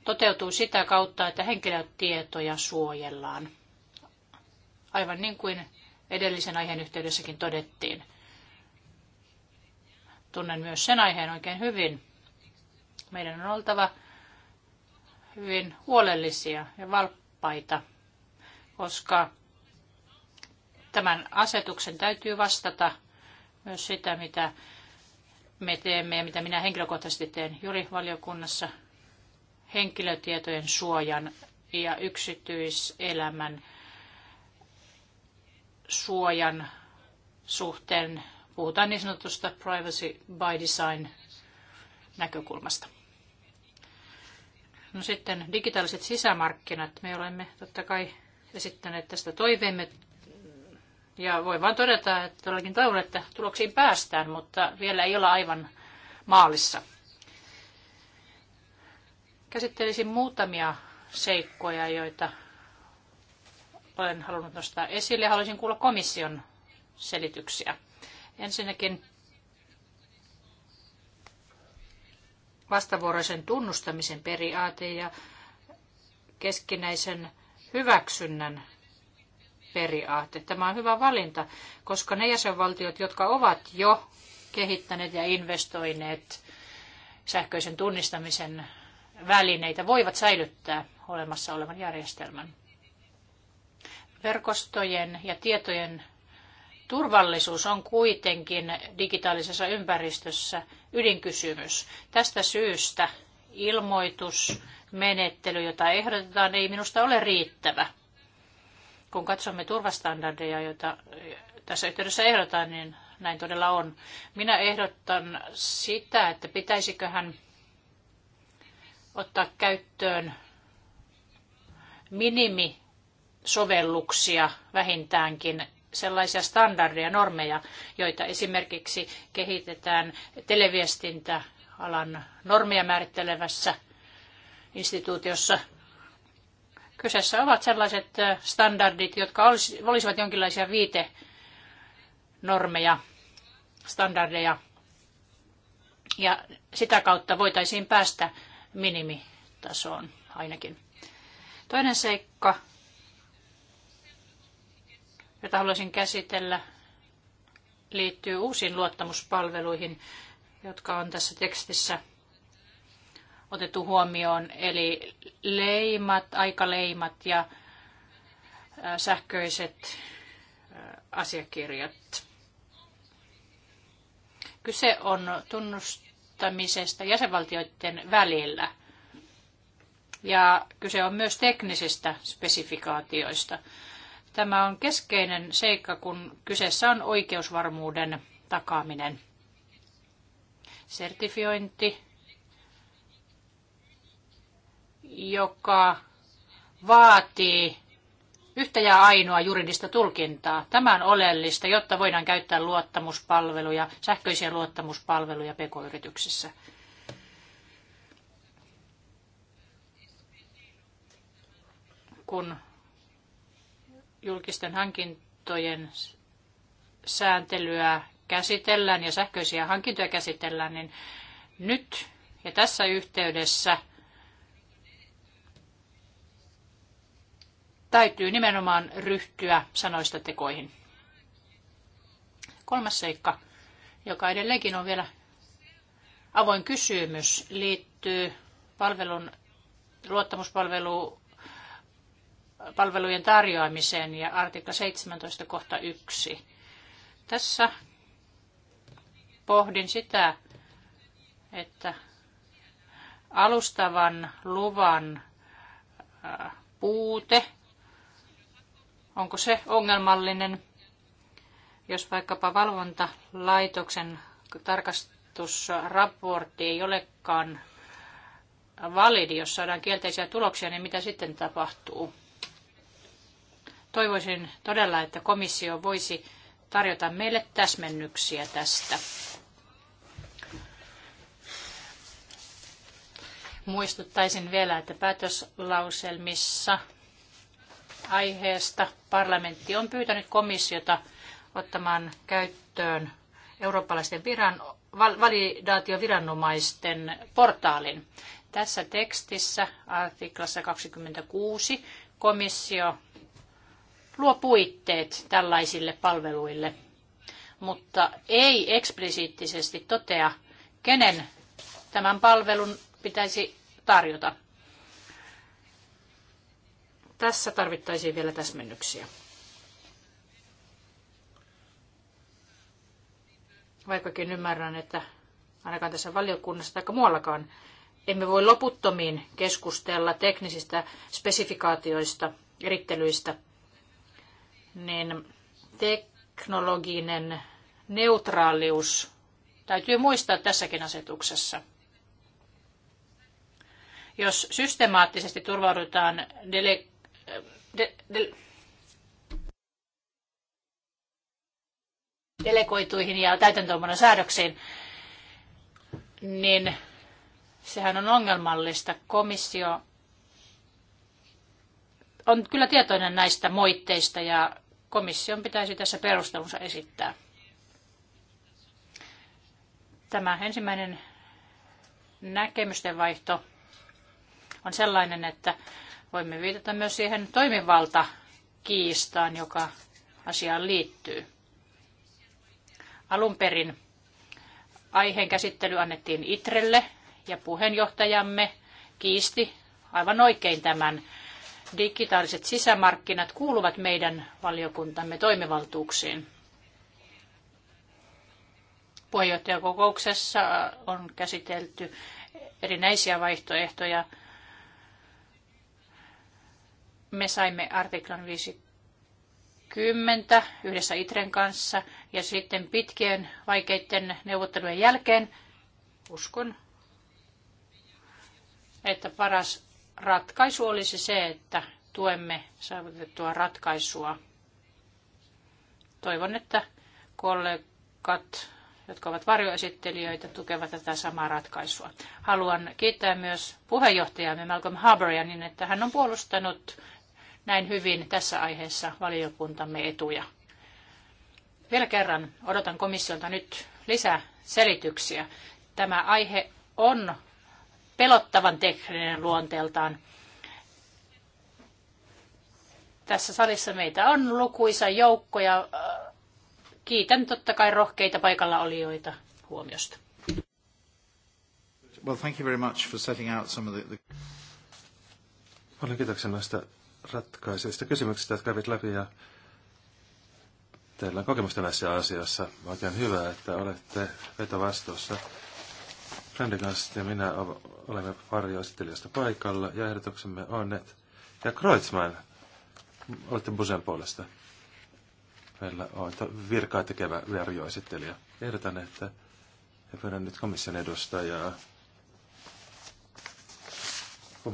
S2: toteutuu sitä kautta, että henkilötietoja suojellaan. Aivan niin kuin edellisen aiheen yhteydessäkin todettiin. Tunnen myös sen aiheen oikein hyvin. Meidän on oltava hyvin huolellisia ja valppaita, koska tämän asetuksen täytyy vastata myös sitä, mitä me teemme ja mitä minä henkilökohtaisesti teen valiokunnassa henkilötietojen suojan ja yksityiselämän suojan suhteen. Puhutaan niin sanotusta privacy by design näkökulmasta. No sitten digitaaliset sisämarkkinat. Me olemme totta kai esittäneet tästä toiveemme. Ja voi vain todeta, että todellakin toivon, että tuloksiin päästään, mutta vielä ei olla aivan maalissa. Käsittelisin muutamia seikkoja, joita olen halunnut nostaa esille ja haluaisin kuulla komission selityksiä. Ensinnäkin vastavuoroisen tunnustamisen periaate ja keskinäisen hyväksynnän periaate. Tämä on hyvä valinta, koska ne jäsenvaltiot, jotka ovat jo kehittäneet ja investoineet sähköisen tunnistamisen välineitä voivat säilyttää olemassa olevan järjestelmän. Verkostojen ja tietojen turvallisuus on kuitenkin digitaalisessa ympäristössä ydinkysymys. Tästä syystä ilmoitusmenettely, jota ehdotetaan, ei minusta ole riittävä. Kun katsomme turvastandardeja, joita tässä yhteydessä ehdotetaan, niin näin todella on. Minä ehdotan sitä, että pitäisiköhän ottaa käyttöön minimisovelluksia vähintäänkin sellaisia standardeja, normeja, joita esimerkiksi kehitetään televiestintäalan normeja määrittelevässä instituutiossa. Kyseessä ovat sellaiset standardit, jotka olisivat jonkinlaisia normeja standardeja, ja sitä kautta voitaisiin päästä minimitasoon ainakin. Toinen seikka, jota haluaisin käsitellä, liittyy uusiin luottamuspalveluihin, jotka on tässä tekstissä otettu huomioon, eli leimat, aikaleimat ja sähköiset asiakirjat. Kyse on tunnust- erottamisesta jäsenvaltioiden välillä. Ja kyse on myös teknisistä spesifikaatioista. Tämä on keskeinen seikka, kun kyseessä on oikeusvarmuuden takaaminen. Sertifiointi, joka vaatii yhtä ja ainoa juridista tulkintaa. Tämä on oleellista, jotta voidaan käyttää luottamuspalveluja, sähköisiä luottamuspalveluja pk-yrityksissä. Kun julkisten hankintojen sääntelyä käsitellään ja sähköisiä hankintoja käsitellään, niin nyt ja tässä yhteydessä – täytyy nimenomaan ryhtyä sanoista tekoihin. Kolmas seikka, joka edelleenkin on vielä avoin kysymys, liittyy palvelun, luottamuspalvelu palvelujen tarjoamiseen ja artikla 17 kohta 1. Tässä pohdin sitä, että alustavan luvan puute Onko se ongelmallinen, jos vaikkapa valvontalaitoksen tarkastusraportti ei olekaan validi, jos saadaan kielteisiä tuloksia, niin mitä sitten tapahtuu? Toivoisin todella, että komissio voisi tarjota meille täsmennyksiä tästä. Muistuttaisin vielä, että päätöslauselmissa aiheesta. Parlamentti on pyytänyt komissiota ottamaan käyttöön eurooppalaisten viran, validaatioviranomaisten portaalin. Tässä tekstissä, artiklassa 26, komissio luo puitteet tällaisille palveluille, mutta ei eksplisiittisesti totea, kenen tämän palvelun pitäisi tarjota. Tässä tarvittaisiin vielä täsmennyksiä. Vaikkakin ymmärrän, että ainakaan tässä valiokunnassa tai muuallakaan emme voi loputtomiin keskustella teknisistä spesifikaatioista, erittelyistä, niin teknologinen neutraalius täytyy muistaa tässäkin asetuksessa. Jos systemaattisesti turvaudutaan dele- de, de, delegoituihin ja täytäntöönpanon säädöksiin, niin sehän on ongelmallista. Komissio on kyllä tietoinen näistä moitteista ja komission pitäisi tässä perustelunsa esittää. Tämä ensimmäinen näkemysten vaihto on sellainen, että Voimme viitata myös siihen toimivalta joka asiaan liittyy. Alun perin aiheen käsittely annettiin Itrelle ja puheenjohtajamme kiisti aivan oikein tämän. Digitaaliset sisämarkkinat kuuluvat meidän valiokuntamme toimivaltuuksiin. Puheenjohtajakokouksessa on käsitelty erinäisiä vaihtoehtoja me saimme artiklan 50 yhdessä Itren kanssa ja sitten pitkien vaikeiden neuvottelujen jälkeen uskon, että paras ratkaisu olisi se, että tuemme saavutettua ratkaisua. Toivon, että kollegat, jotka ovat varjoesittelijöitä, tukevat tätä samaa ratkaisua. Haluan kiittää myös puheenjohtajaamme Malcolm Harberia niin, että hän on puolustanut näin hyvin tässä aiheessa valiokuntamme etuja. Vielä kerran odotan komissiolta nyt lisää selityksiä. Tämä aihe on pelottavan tekninen luonteeltaan. Tässä salissa meitä on lukuisa joukko ja äh, kiitän totta kai rohkeita paikalla olijoita huomiosta.
S1: Well, thank you very much for setting out some of the... Paljon kiitoksia näistä ratkaisevista kysymyksistä, jotka kävit läpi ja teillä on kokemusta näissä asioissa. Oikein hyvä, että olette vetovastuussa. kanssa ja minä olemme varjoesittelijöistä paikalla ja ehdotuksemme on, että ja Kreutzmann, olette Busen puolesta. Meillä on virkaa tekevä varjoesittelijä. Ehdotan, että ja pyydän nyt komission edustajaa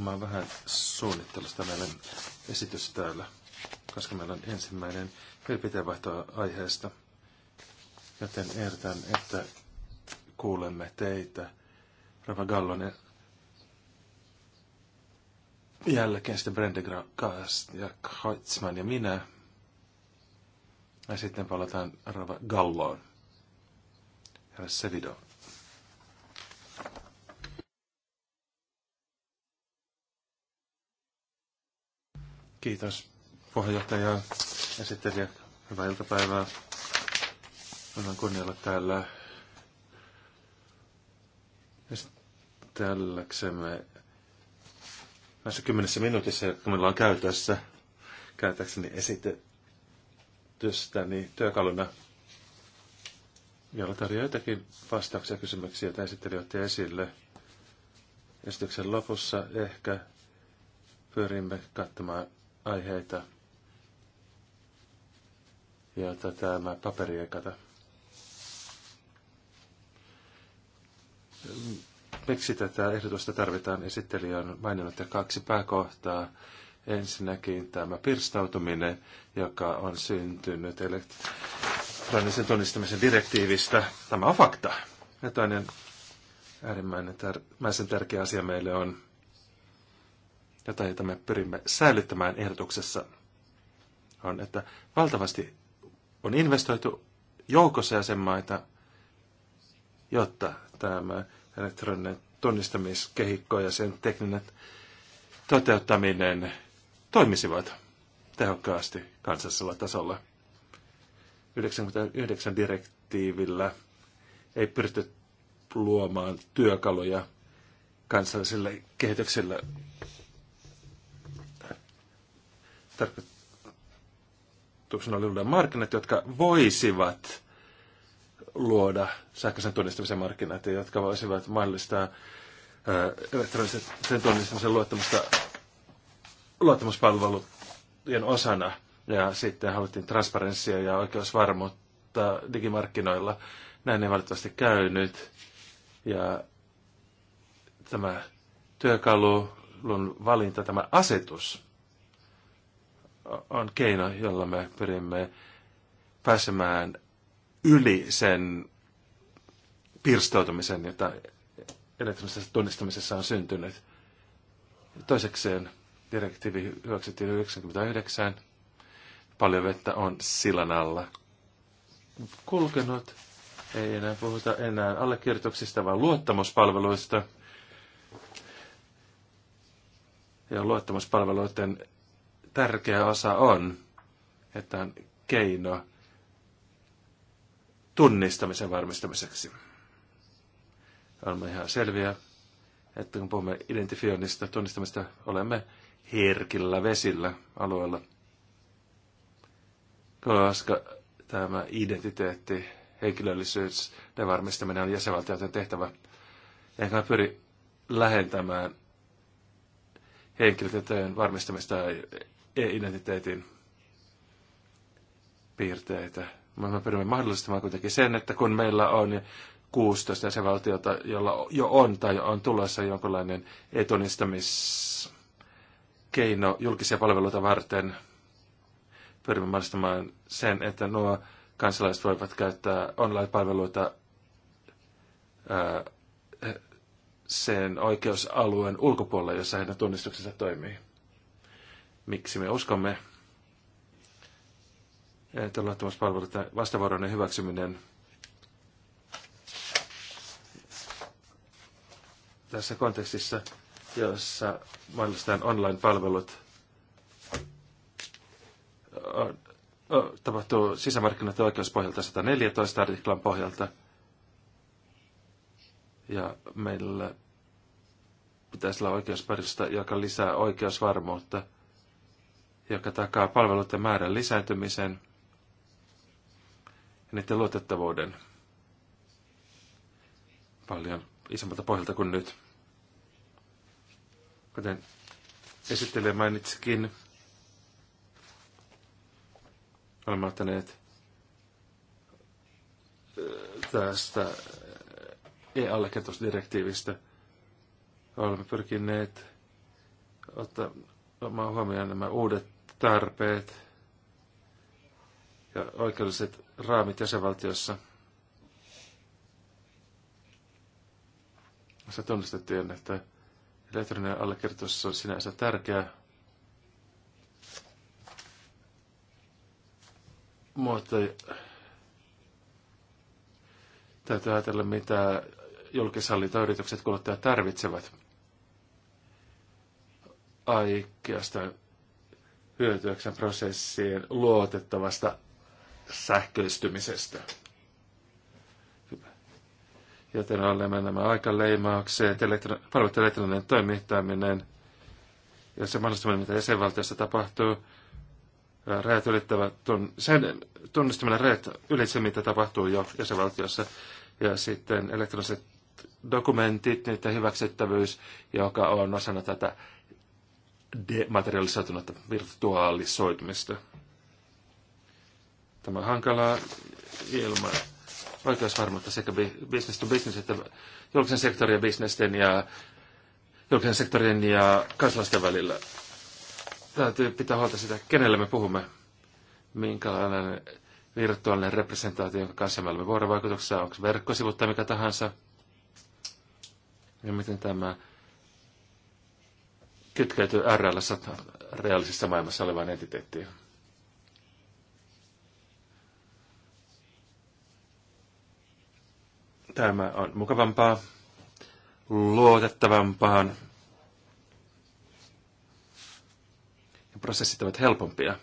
S1: mä vähän suunnittelusta meidän esitys täällä, koska meillä on ensimmäinen mielipiteenvaihto aiheesta. Joten ehdotan, että kuulemme teitä Rava Gallonen jälkeen sitten Kast ja Kreutzmann ja minä. Ja sitten palataan Rava Galloon. Herra Sevido Kiitos puheenjohtaja esittelijä. Hyvää iltapäivää. Annan kunnialla täällä esitelläksemme näissä kymmenessä minuutissa, jotka meillä on käytössä, käytäkseni niin työkaluna, jolla tarjoaa jotakin vastauksia kysymyksiä, joita esittelijä otti esille. Esityksen lopussa ehkä pyrimme katsomaan aiheita, joita tämä paperi ei Miksi tätä ehdotusta tarvitaan? Esittelijä on maininnut kaksi pääkohtaa. Ensinnäkin tämä pirstautuminen, joka on syntynyt elektronisen tunnistamisen direktiivistä. Tämä on fakta. Ja toinen äärimmäisen tärkeä asia meille on jotain, jota me pyrimme säilyttämään ehdotuksessa, on, että valtavasti on investoitu joukossa jäsenmaita, jotta tämä elektroninen tunnistamiskehikko ja sen tekninen toteuttaminen toimisivat tehokkaasti kansallisella tasolla. 99 direktiivillä ei pyritty luomaan työkaluja kansalliselle kehitykselle tarkoituksena oli luoda markkinat, jotka voisivat luoda sähköisen tunnistamisen markkinat, jotka voisivat mahdollistaa elektronisen tunnistamisen luottamusta, luottamuspalvelujen osana. Ja sitten haluttiin transparenssia ja oikeusvarmuutta digimarkkinoilla. Näin ei valitettavasti käynyt. Ja tämä työkalu, valinta, tämä asetus, on keino, jolla me pyrimme pääsemään yli sen pirstoutumisen, jota elektronisessa tunnistamisessa on syntynyt. Toisekseen direktiivi hyväksyttiin 99. Paljon vettä on silan alla kulkenut. Ei enää puhuta enää allekirjoituksista, vaan luottamuspalveluista. Ja luottamuspalveluiden tärkeä osa on, että on keino tunnistamisen varmistamiseksi. Olemme ihan selviä, että kun puhumme identifioinnista, tunnistamista, olemme herkillä vesillä alueella, koska tämä identiteetti, henkilöllisyys, ne varmistaminen on jäsenvaltioiden tehtävä. Enkä pyri lähentämään henkilötietojen varmistamista e-identiteetin piirteitä. Mutta me pyrimme mahdollistamaan kuitenkin sen, että kun meillä on 16 jäsenvaltiota, jolla jo on tai on tulossa jonkinlainen etunistamiskeino julkisia palveluita varten, pyrimme mahdollistamaan sen, että nuo kansalaiset voivat käyttää online-palveluita sen oikeusalueen ulkopuolella, jossa heidän tunnistuksensa toimii miksi me uskomme, että luottamuspalveluiden vastavuoroinen hyväksyminen tässä kontekstissa, jossa mainostetaan online-palvelut, no, tapahtuu sisämarkkinat oikeuspohjalta 114 artiklan pohjalta. Ja meillä pitäisi olla oikeusperusta, joka lisää oikeusvarmuutta – joka takaa palveluiden määrän lisääntymisen ja niiden luotettavuuden paljon isommalta pohjalta kuin nyt. Kuten esittelijä mainitsikin, olemme ottaneet äh, tästä äh, e-allekirjoitusdirektiivistä. Olemme pyrkineet ottamaan huomioon nämä uudet tarpeet ja oikeudelliset raamit jäsenvaltiossa. Sä tunnistettiin, että elektroninen allekirjoitus on sinänsä tärkeä muoto täytyy ajatella, mitä yritykset kuluttajat tarvitsevat. Aikeasta hyötyäkseen prosessien luotettavasta sähköistymisestä. Joten olemme nämä aikaleimaukset, elektro- palvelut elektroninen toimittaminen ja se mahdollistaminen, mitä jäsenvaltiossa tapahtuu, rajat ylittävä tun- sen tunnistaminen rajat ylitse, mitä tapahtuu jo jäsenvaltiossa, ja sitten elektroniset dokumentit, niiden hyväksyttävyys, joka on osana tätä dematerialisoitunutta virtuaalisoitumista. Tämä on hankalaa ilman oikeusvarmuutta sekä business to business että julkisen sektorin ja bisnesten ja julkisen sektorin ja kansalaisten välillä. Täytyy pitää huolta sitä, kenelle me puhumme, minkälainen virtuaalinen representaatio, jonka kanssa me olemme vuorovaikutuksessa, onko verkkosivu tai mikä tahansa, ja miten tämä kytkeytyy RL reaalisessa maailmassa olevaan entiteettiin. Tämä on mukavampaa, luotettavampaa. ja prosessit ovat helpompia.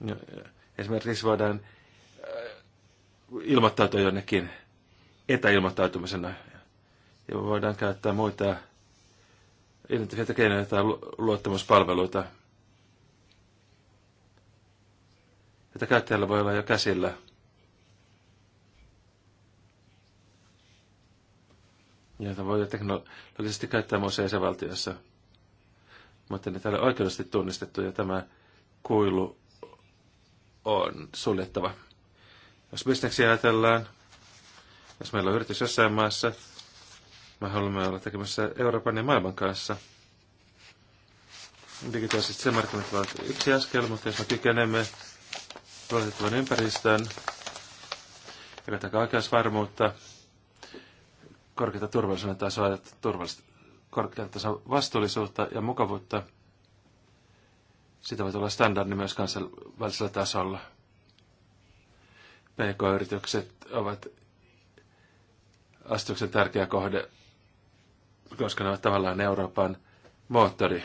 S1: No, esimerkiksi voidaan äh, ilmoittautua jonnekin etäilmoittautumisena ja voidaan käyttää muita identifioita keinoja tai luottamuspalveluita, että käyttäjällä voi olla jo käsillä. Joita voi jo teknologisesti käyttää muissa jäsenvaltioissa. Mutta ne täällä oikeudellisesti tunnistettu ja tämä kuilu on suljettava. Jos bisneksiä ajatellaan, jos meillä on yritys jossain maassa, me haluamme olla tekemässä Euroopan ja maailman kanssa. Digitaaliset sisämarkkinat ovat yksi askel, mutta jos me kykenemme luotettavan ympäristön, joka takaa oikeusvarmuutta, korkeata turvallisuuden tasoa, ja korkean tasoa vastuullisuutta ja mukavuutta. Sitä voi tulla standardi myös kansainvälisellä tasolla. PK-yritykset ovat astuksen tärkeä kohde koska ne ovat tavallaan Euroopan moottori.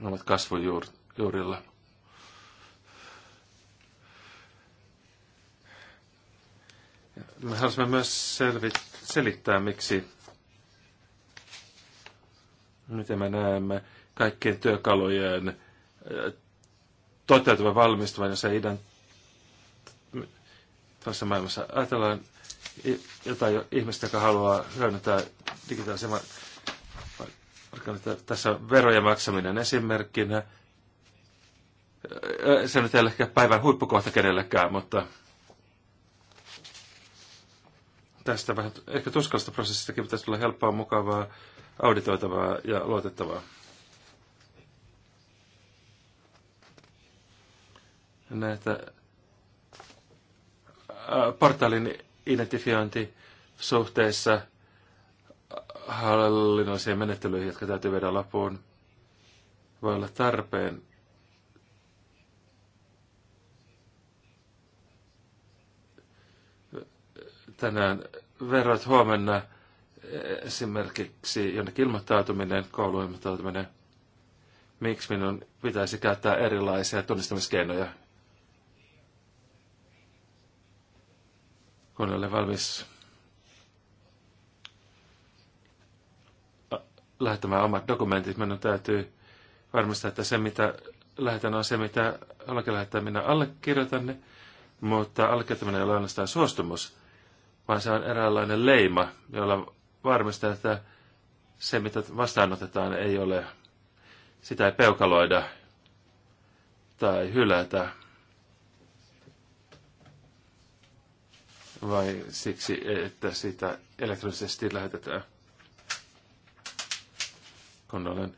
S1: Ne ovat kasvujuurilla. Me haluaisimme myös selvit- selittää, miksi, miten me näemme kaikkien työkalujen toteutuvan valmistuvan, jos ei idän tässä maailmassa. Ajatellaan jotain ihmistä, joka haluaa hyödyntää digitaalisia markkinoita. Tässä on verojen maksaminen esimerkkinä. Se nyt ei ole ehkä päivän huippukohta kenellekään, mutta tästä vähän ehkä tuskallista prosessistakin pitäisi tulla helppoa, mukavaa, auditoitavaa ja luotettavaa. näitä äh, portaalin identifiointi suhteessa hallinnollisiin menettelyihin, jotka täytyy viedä lapuun, voi olla tarpeen. Tänään verrat huomenna esimerkiksi jonnekin ilmoittautuminen, kouluilmoittautuminen. Miksi minun pitäisi käyttää erilaisia tunnistamiskeinoja? kun olen valmis lähettämään omat dokumentit, minun täytyy varmistaa, että se mitä lähetän on se, mitä alkein lähettää minä allekirjoitan ne, mutta allekirjoittaminen ei ole ainoastaan suostumus, vaan se on eräänlainen leima, jolla varmistaa, että se mitä vastaanotetaan ei ole, sitä ei peukaloida tai hylätä vai siksi, että sitä elektronisesti lähetetään. Kun olen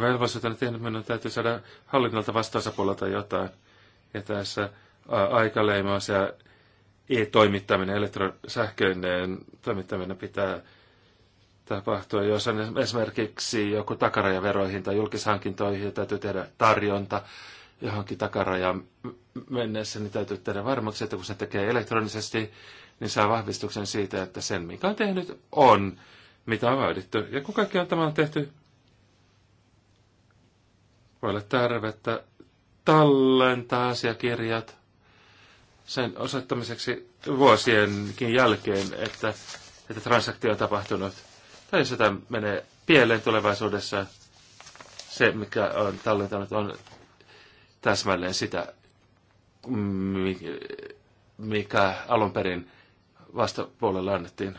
S1: velvollisuutena tehnyt, minun täytyy saada hallinnolta vastausapuolelta jotain. Ja tässä aikaleimaus ja e-toimittaminen, elektrosähköinen toimittaminen pitää tapahtua. Jos on esimerkiksi joku takarajaveroihin veroihin tai julkishankintoihin, täytyy tehdä tarjonta johonkin takarajan mennessä, niin täytyy tehdä varmaksi, että kun se tekee elektronisesti, niin saa vahvistuksen siitä, että sen, mikä on tehnyt, on, mitä on vaadittu. Ja kun kaikki on tämä on tehty, voi olla tarvetta tallentaa asiakirjat sen osoittamiseksi vuosienkin jälkeen, että, että transaktio on tapahtunut. Tai jos jotain menee pieleen tulevaisuudessa, se mikä on tallentanut on täsmälleen sitä, mikä alun perin vastapuolelle annettiin.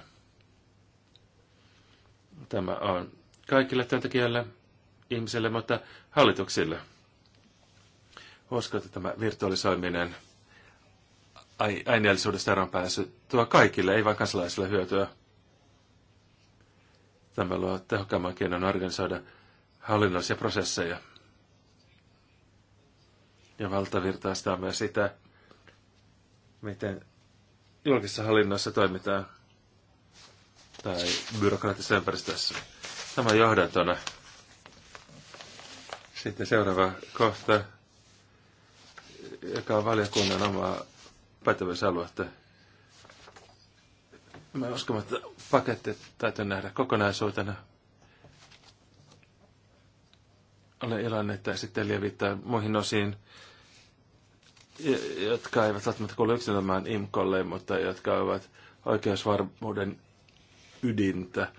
S1: Tämä on kaikille työntekijöille, ihmisille, mutta hallituksille. Uskon, että tämä virtuaalisoiminen aineellisuudesta eroon pääsy tuo kaikille, ei vain kansalaisille hyötyä. Tämä luo tehokkaamman keinon organisoida hallinnollisia prosesseja ja valtavirtaistamme sitä, miten julkisessa hallinnossa toimitaan tai byrokraattisessa ympäristössä. Tämä johdantona. Sitten seuraava kohta, joka on valiokunnan omaa pätevyysaluetta. Mä uskon, että paketti täytyy nähdä kokonaisuutena. Olen iloinen, että sitten viittaa muihin osiin jotka eivät välttämättä kuulu yksilömään IMKOlle, mutta jotka ovat oikeusvarmuuden ydintä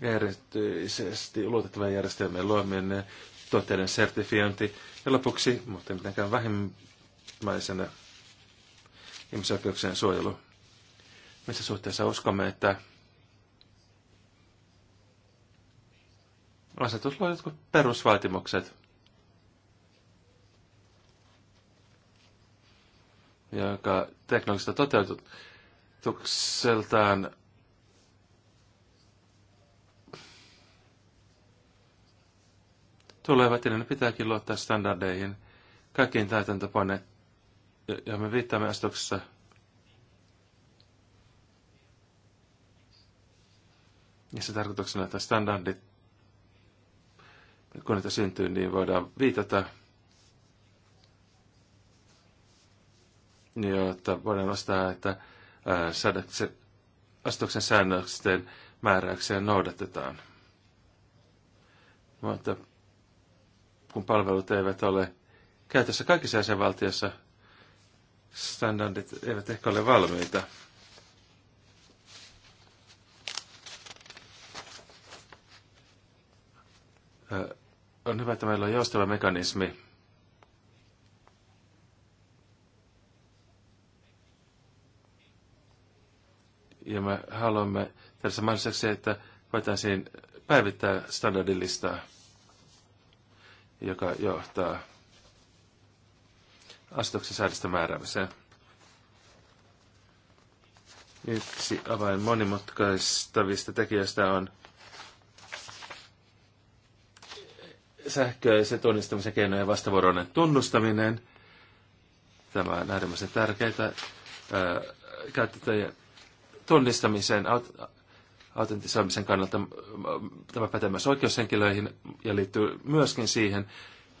S1: erityisesti luotettavien järjestelmien luominen, tuotteiden sertifiointi ja lopuksi, mutta ei mitenkään vähimmäisenä, ihmisoikeuksien suojelu. Missä suhteessa uskomme, että asetus luo jotkut perusvaatimukset – joka teknologista toteutukseltaan tulevat, ja ne pitääkin luottaa standardeihin, kaikkiin täytäntöpane, ja me viittaamme astuksessa. Ja se tarkoituksena, että standardit, kun niitä syntyy, niin voidaan viitata jotta voidaan nostaa, että astuksen säännösten määräyksiä noudatetaan. Mutta kun palvelut eivät ole käytössä kaikissa jäsenvaltioissa, standardit eivät ehkä ole valmiita. On hyvä, että meillä on joustava mekanismi Ja me haluamme tässä mahdolliseksi, että voitaisiin päivittää standardilistaa, joka johtaa asetuksen säädöstä määräämiseen. Yksi avain monimutkaistavista tekijöistä on sähköisen tunnistamisen keinojen vastavuoroinen tunnustaminen. Tämä on äärimmäisen tärkeää. Käyttäjien tunnistamisen, autentisoimisen kannalta tämä pätee myös oikeushenkilöihin ja liittyy myöskin siihen,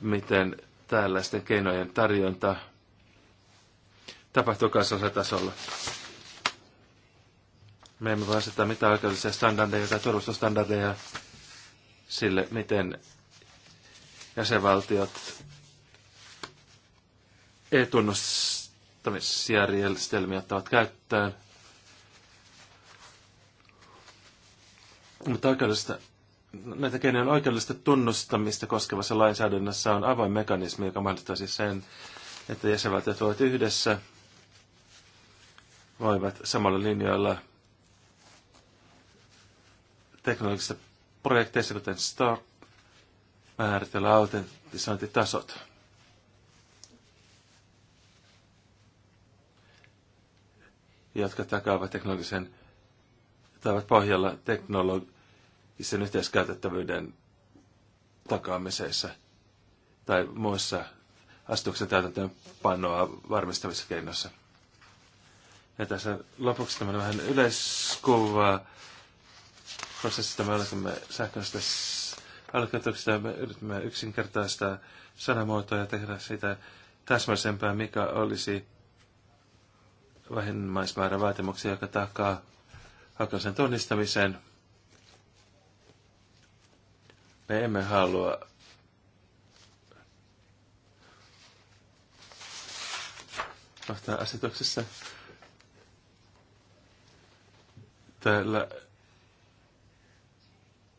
S1: miten tällaisten keinojen tarjonta tapahtuu kansallisella tasolla. Me emme voi asettaa mitään oikeudellisia standardeja tai turvallisuusstandardeja sille, miten jäsenvaltiot e-tunnustamisjärjestelmiä ottavat käyttöön. Mutta oikeudellista, näitä keinojen oikeudellista tunnustamista koskevassa lainsäädännössä on avoin mekanismi, joka mahdollistaisi sen, että jäsenvaltiot voivat yhdessä voivat samalla linjoilla teknologisissa projekteissa, kuten STAR, määritellä autentisointitasot. jotka takaavat teknologisen, tai ovat pohjalla teknologi- siis sen yhteiskäytettävyyden takaamisessa tai muissa astuksen täytäntöönpanoa varmistavissa keinoissa. Ja tässä lopuksi tämmöinen vähän yleiskuva prosessista. Me alkamme sähköistä ja me yritämme yksinkertaista sanamuotoa ja tehdä sitä täsmällisempää, mikä olisi vähimmäismäärä vaatimuksia, joka takaa hakkaisen tunnistamisen – me emme halua vastaan asetuksessa täällä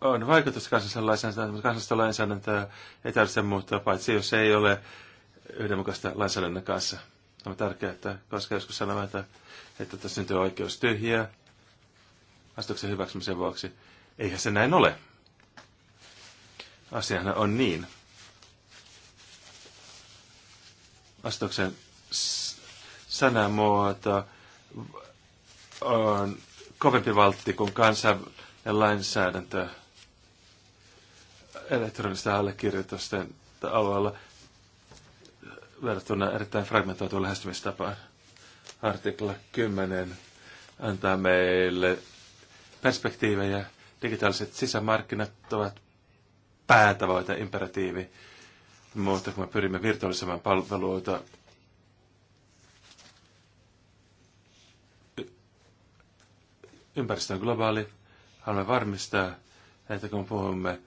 S1: on vaikutus kansallisen lainsäädäntöä, kansallista lainsäädäntöä ei tarvitse muuttaa, paitsi jos ei ole yhdenmukaista lainsäädännön kanssa. on tärkeää, että koska joskus sanoo, että, että tässä syntyy oikeus tyhjää, asetuksen hyväksymisen vuoksi. Eihän se näin ole. Asiahan on niin. astoksen sanamuoto on kovempi valtti kuin kansainvälinen lainsäädäntö elektronisten allekirjoitusten alueella verrattuna erittäin fragmentoituun lähestymistapaan. Artikla 10 antaa meille perspektiivejä. Digitaaliset sisämarkkinat ovat päätavoite, imperatiivi. Mutta kun me pyrimme virtuaalisemaan palveluita, ympäristö on globaali. Haluamme varmistaa, että kun puhumme äh,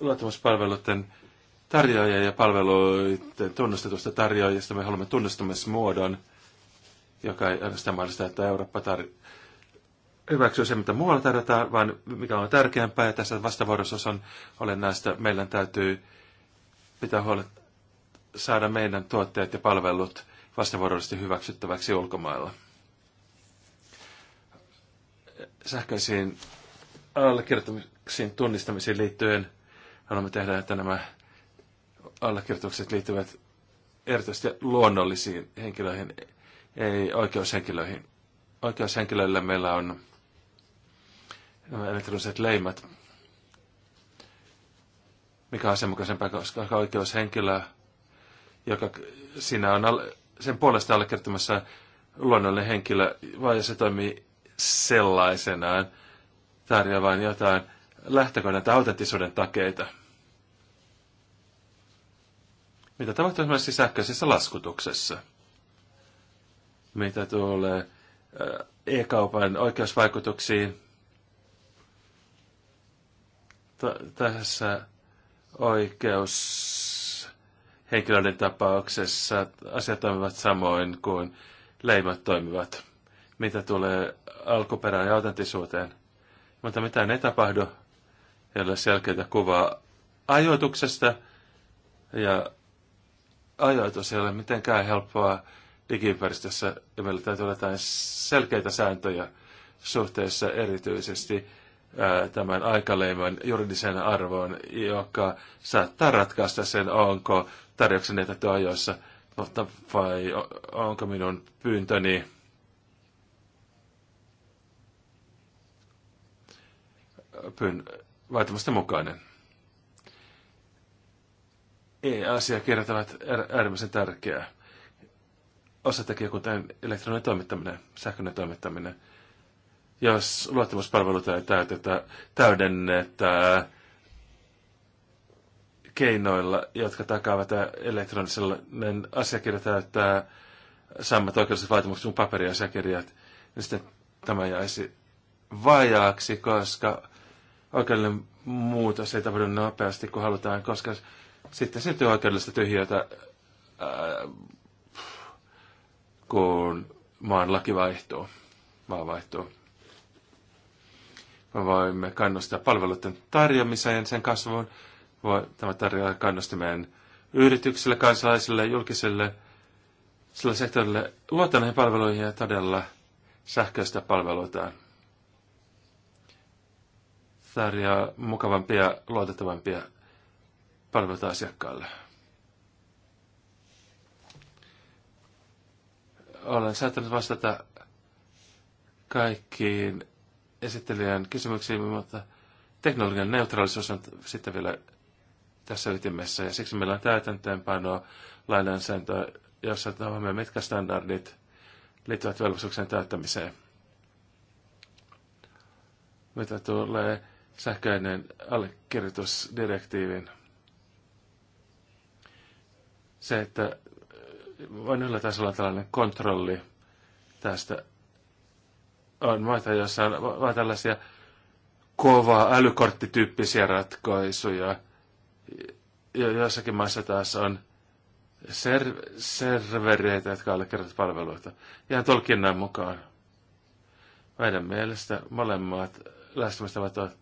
S1: luottamuspalveluiden tarjoajia ja palveluiden tunnustetusta tarjoajista, me haluamme tunnustamismuodon, joka ei ainoastaan mahdollista, että Eurooppa tarjoaa hyväksyä se, mitä muualla tarjotaan, vaan mikä on tärkeämpää. Ja tässä vastavuorossa on olennaista. Meidän täytyy pitää huolta saada meidän tuotteet ja palvelut vastavuoroisesti hyväksyttäväksi ulkomailla. Sähköisiin allekirjoituksiin tunnistamisiin liittyen haluamme tehdä, että nämä allekirjoitukset liittyvät erityisesti luonnollisiin henkilöihin, ei oikeushenkilöihin. Oikeushenkilöillä meillä on elektroniset leimat, mikä on asianmukaisempaa, koska oikeushenkilö, joka siinä on sen puolesta allekirjoittamassa luonnollinen henkilö, vai se toimii sellaisenaan tarjoavan jotain lähtökohdan tai autenttisuuden takeita. Mitä tapahtuu esimerkiksi sähköisessä laskutuksessa? Mitä tulee äh, e-kaupan oikeusvaikutuksiin? tässä oikeus henkilöiden tapauksessa asiat toimivat samoin kuin leimat toimivat, mitä tulee alkuperään ja autentisuuteen. Mutta mitään ei tapahdu, ei ole selkeää kuvaa ajoituksesta, ja ajoitus ei ole mitenkään helppoa digiympäristössä, ja meillä täytyy olla jotain selkeitä sääntöjä suhteessa erityisesti tämän aikaleiman juridisen arvoon, joka saattaa ratkaista sen, onko tarjoukseni tätä ajoissa mutta vai onko minun pyyntöni pyyn vaatimusten mukainen. Ei asia ovat er-, äärimmäisen tärkeää. Osatekijä, kuten elektroninen toimittaminen, sähköinen toimittaminen – jos luottamuspalveluita ei täytetä, täydennetä keinoilla, jotka takaavat elektronisen asiakirja täyttää saamat oikeudelliset vaatimukset kuin paperiasiakirjat, niin sitten tämä jäisi vajaaksi, koska oikeudellinen muutos ei tapahdu nopeasti kun halutaan, koska sitten syntyy oikeudellista tyhjiötä, äh, kun maan laki vaihtuu, maa vaihtuu. Me voimme kannustaa palveluiden tarjoamiseen sen kasvuun. Tämä tarjoaa meidän yrityksille, kansalaisille, julkiselle sillä sektorille luottaa näihin palveluihin ja todella sähköistä palveluitaan. Tarjoaa mukavampia, luotettavampia palveluita asiakkaalle. Olen saattanut vastata kaikkiin esittelijän kysymyksiin, mutta teknologian neutraalisuus on sitten vielä tässä ytimessä. Ja siksi meillä on täytäntöönpanoa lainsäädäntöä, jossa tavoimme mitkä standardit liittyvät velvollisuuksien täyttämiseen. Mitä tulee sähköinen allekirjoitusdirektiivin. Se, että voin yllä tällainen kontrolli tästä on maita, joissa on vaan tällaisia kovaa älykorttityyppisiä ratkaisuja. Joissakin maissa taas on ser- servereitä, jotka allekirjoittavat palveluita. Ihan tulkinnan mukaan. Meidän mielestä molemmat lähestymistavat ovat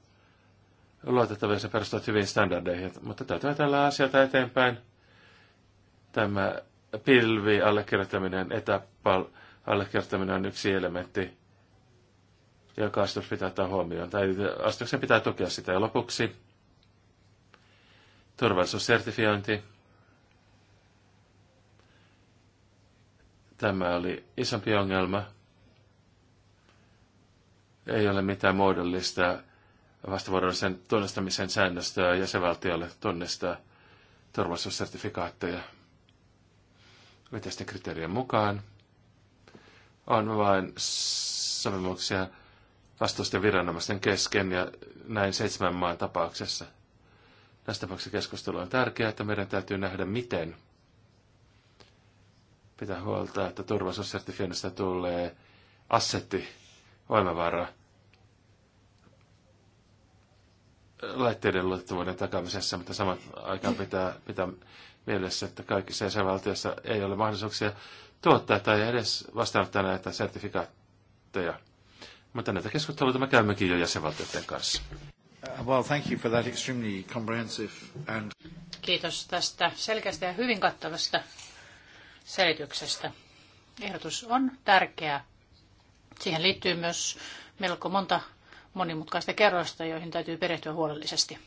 S1: luotettavia ja perustuvat hyvin standardeihin, mutta täytyy tällä asialta eteenpäin. Tämä pilvi allekirjoittaminen, etäpal allekirjoittaminen on yksi elementti joka asetus pitää ottaa huomioon, tai astuksen pitää tukea sitä. Ja lopuksi turvallisuussertifiointi. Tämä oli isompi ongelma. Ei ole mitään muodollista vastavuoroisen tunnistamisen säännöstöä jäsenvaltiolle tunnistaa turvallisuussertifikaatteja yhteisten kriteerien mukaan. On vain sopimuksia vastausten viranomaisten kesken ja näin seitsemän maan tapauksessa. Tästä tapauksessa keskustelu on tärkeää, että meidän täytyy nähdä miten pitää huolta, että turvallisuussertifioinnista tulee assetti, voimavara laitteiden luotettavuuden takamisessa, mutta samat aikaan pitää, pitää mielessä, että kaikissa jäsenvaltioissa ei ole mahdollisuuksia tuottaa tai edes vastaanottaa näitä sertifikaatteja. Mutta näitä keskusteluita me käymmekin jo jäsenvaltioiden kanssa.
S2: Well, thank you for that extremely comprehensive and... Kiitos tästä selkeästä ja hyvin kattavasta selityksestä. Ehdotus on tärkeä. Siihen liittyy myös melko monta monimutkaista kerrosta, joihin täytyy perehtyä huolellisesti.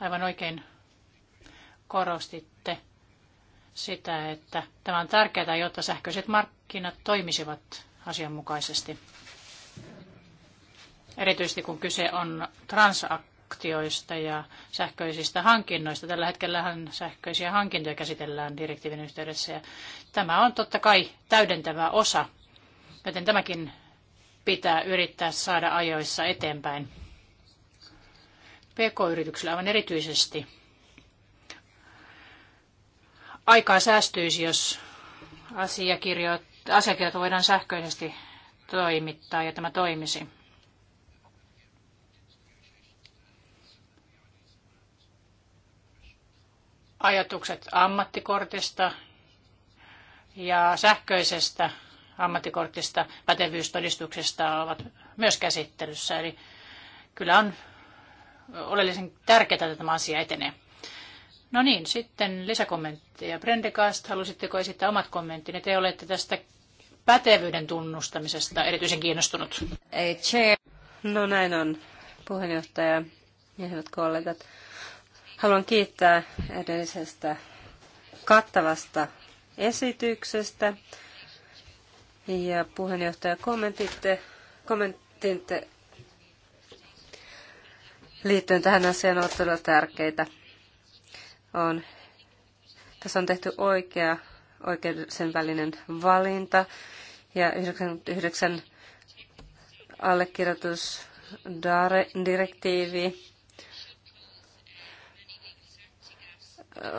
S2: Aivan oikein korostitte sitä, että tämä on tärkeää, jotta sähköiset markkinat toimisivat asianmukaisesti erityisesti kun kyse on transaktioista ja sähköisistä hankinnoista. Tällä hetkellä sähköisiä hankintoja käsitellään direktiivin yhteydessä ja tämä on totta kai täydentävä osa, joten tämäkin pitää yrittää saada ajoissa eteenpäin. PK-yrityksillä aivan erityisesti aikaa säästyisi, jos asiakirjat, asiakirjat voidaan sähköisesti toimittaa ja tämä toimisi. ajatukset ammattikortista ja sähköisestä ammattikortista, pätevyystodistuksesta ovat myös käsittelyssä. Eli kyllä on oleellisen tärkeää, että tämä asia etenee. No niin, sitten lisäkommentteja. Brendekast, halusitteko esittää omat kommenttinne? Te olette tästä pätevyyden tunnustamisesta erityisen kiinnostunut.
S3: Ei, No näin on, puheenjohtaja ja hyvät kollegat. Haluan kiittää edellisestä kattavasta esityksestä. Ja puheenjohtaja, kommentitte, kommentitte liittyen tähän asiaan ovat todella tärkeitä. On, tässä on tehty oikea oikeudellisen välinen valinta ja 99 allekirjoitusdirektiivi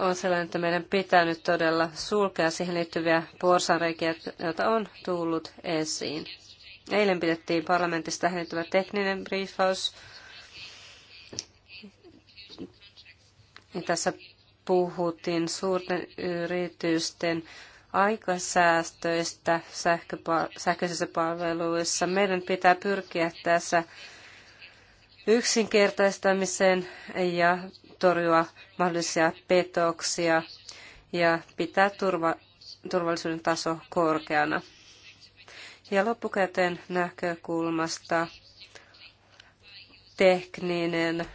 S3: on sellainen, että meidän pitää nyt todella sulkea siihen liittyviä porsanreikiä, joita on tullut esiin. Eilen pidettiin parlamentista tähän liittyvä tekninen briefaus. Ja tässä puhuttiin suurten yritysten aikasäästöistä sähköisissä palveluissa. Meidän pitää pyrkiä tässä yksinkertaistamiseen ja torjua mahdollisia petoksia ja pitää turva, turvallisuuden taso korkeana. Ja loppukäteen näkökulmasta tekninen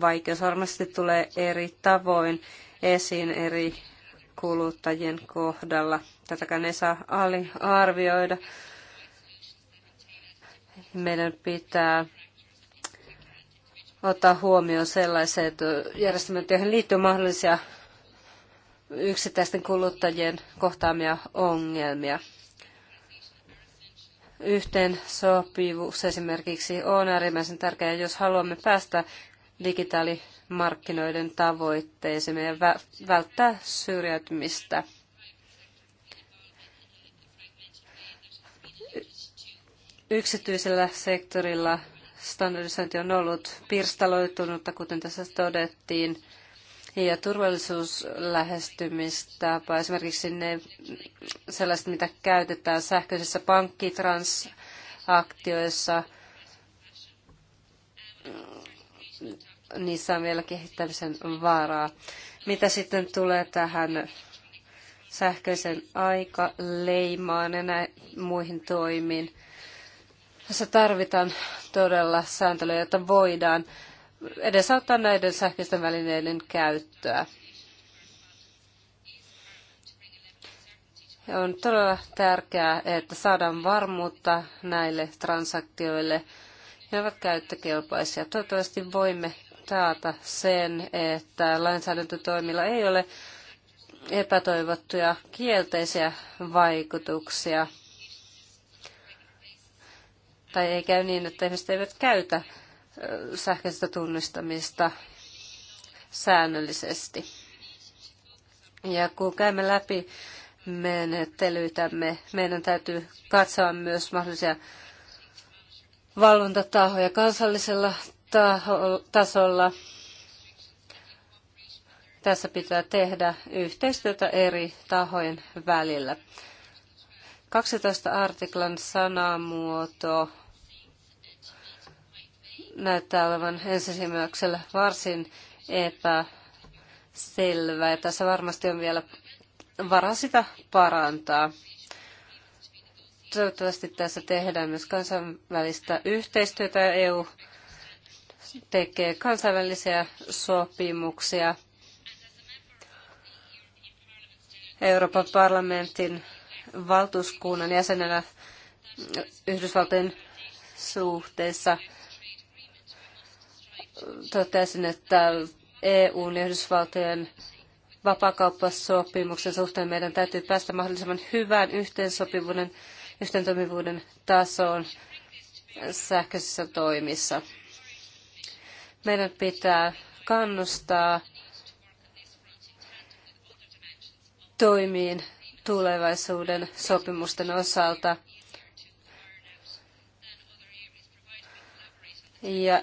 S3: vaikeus varmasti tulee eri tavoin esiin eri kuluttajien kohdalla. Tätäkään ei saa aliarvioida. Meidän pitää ottaa huomioon sellaiset järjestelmät, joihin liittyy mahdollisia yksittäisten kuluttajien kohtaamia ongelmia. Yhteen sopivuus esimerkiksi on äärimmäisen tärkeää, jos haluamme päästä digitaalimarkkinoiden tavoitteisiin ja välttää syrjäytymistä. Yksityisellä sektorilla standardisointi on ollut pirstaloitunutta, kuten tässä todettiin, ja turvallisuuslähestymistapa, esimerkiksi ne sellaiset, mitä käytetään sähköisissä pankkitransaktioissa, niissä on vielä kehittämisen varaa. Mitä sitten tulee tähän sähköisen aikaleimaan ja näin, muihin toimiin? Tässä tarvitaan todella sääntelyä, jotta voidaan edesauttaa näiden sähköisten välineiden käyttöä. On todella tärkeää, että saadaan varmuutta näille transaktioille. Ne ovat käyttökelpoisia. Toivottavasti voimme taata sen, että lainsäädäntötoimilla ei ole epätoivottuja kielteisiä vaikutuksia tai ei käy niin, että ihmiset eivät käytä sähköistä tunnistamista säännöllisesti. Ja kun käymme läpi menettelyitämme, meidän täytyy katsoa myös mahdollisia valvontatahoja kansallisella taho- tasolla. Tässä pitää tehdä yhteistyötä eri tahojen välillä. 12 artiklan sanamuoto näyttää olevan ensisimmäyksellä varsin epäselvä ja tässä varmasti on vielä varaa sitä parantaa. Toivottavasti tässä tehdään myös kansainvälistä yhteistyötä ja EU tekee kansainvälisiä sopimuksia. Euroopan parlamentin valtuuskunnan jäsenenä Yhdysvaltojen suhteessa totesin, että EUn ja Yhdysvaltojen vapakauppasopimuksen suhteen meidän täytyy päästä mahdollisimman hyvään yhteensopivuuden, yhteentoimivuuden tasoon sähköisissä toimissa. Meidän pitää kannustaa toimiin tulevaisuuden sopimusten osalta. Ja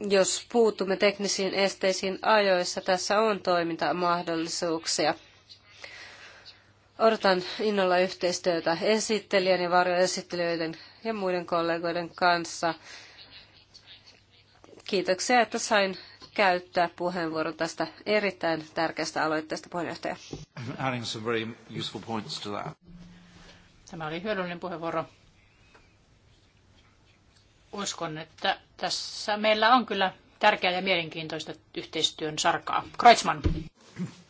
S3: jos puutumme teknisiin esteisiin ajoissa, tässä on toimintamahdollisuuksia. Odotan innolla yhteistyötä esittelijän ja varjoesittelijöiden ja muiden kollegoiden kanssa. Kiitoksia, että sain käyttää puheenvuoron tästä
S2: erittäin tärkeästä aloitteesta, puheenjohtaja. Tämä oli hyödyllinen puheenvuoro. Uskon, että tässä meillä on kyllä tärkeää ja mielenkiintoista yhteistyön sarkaa. Kreutzmann.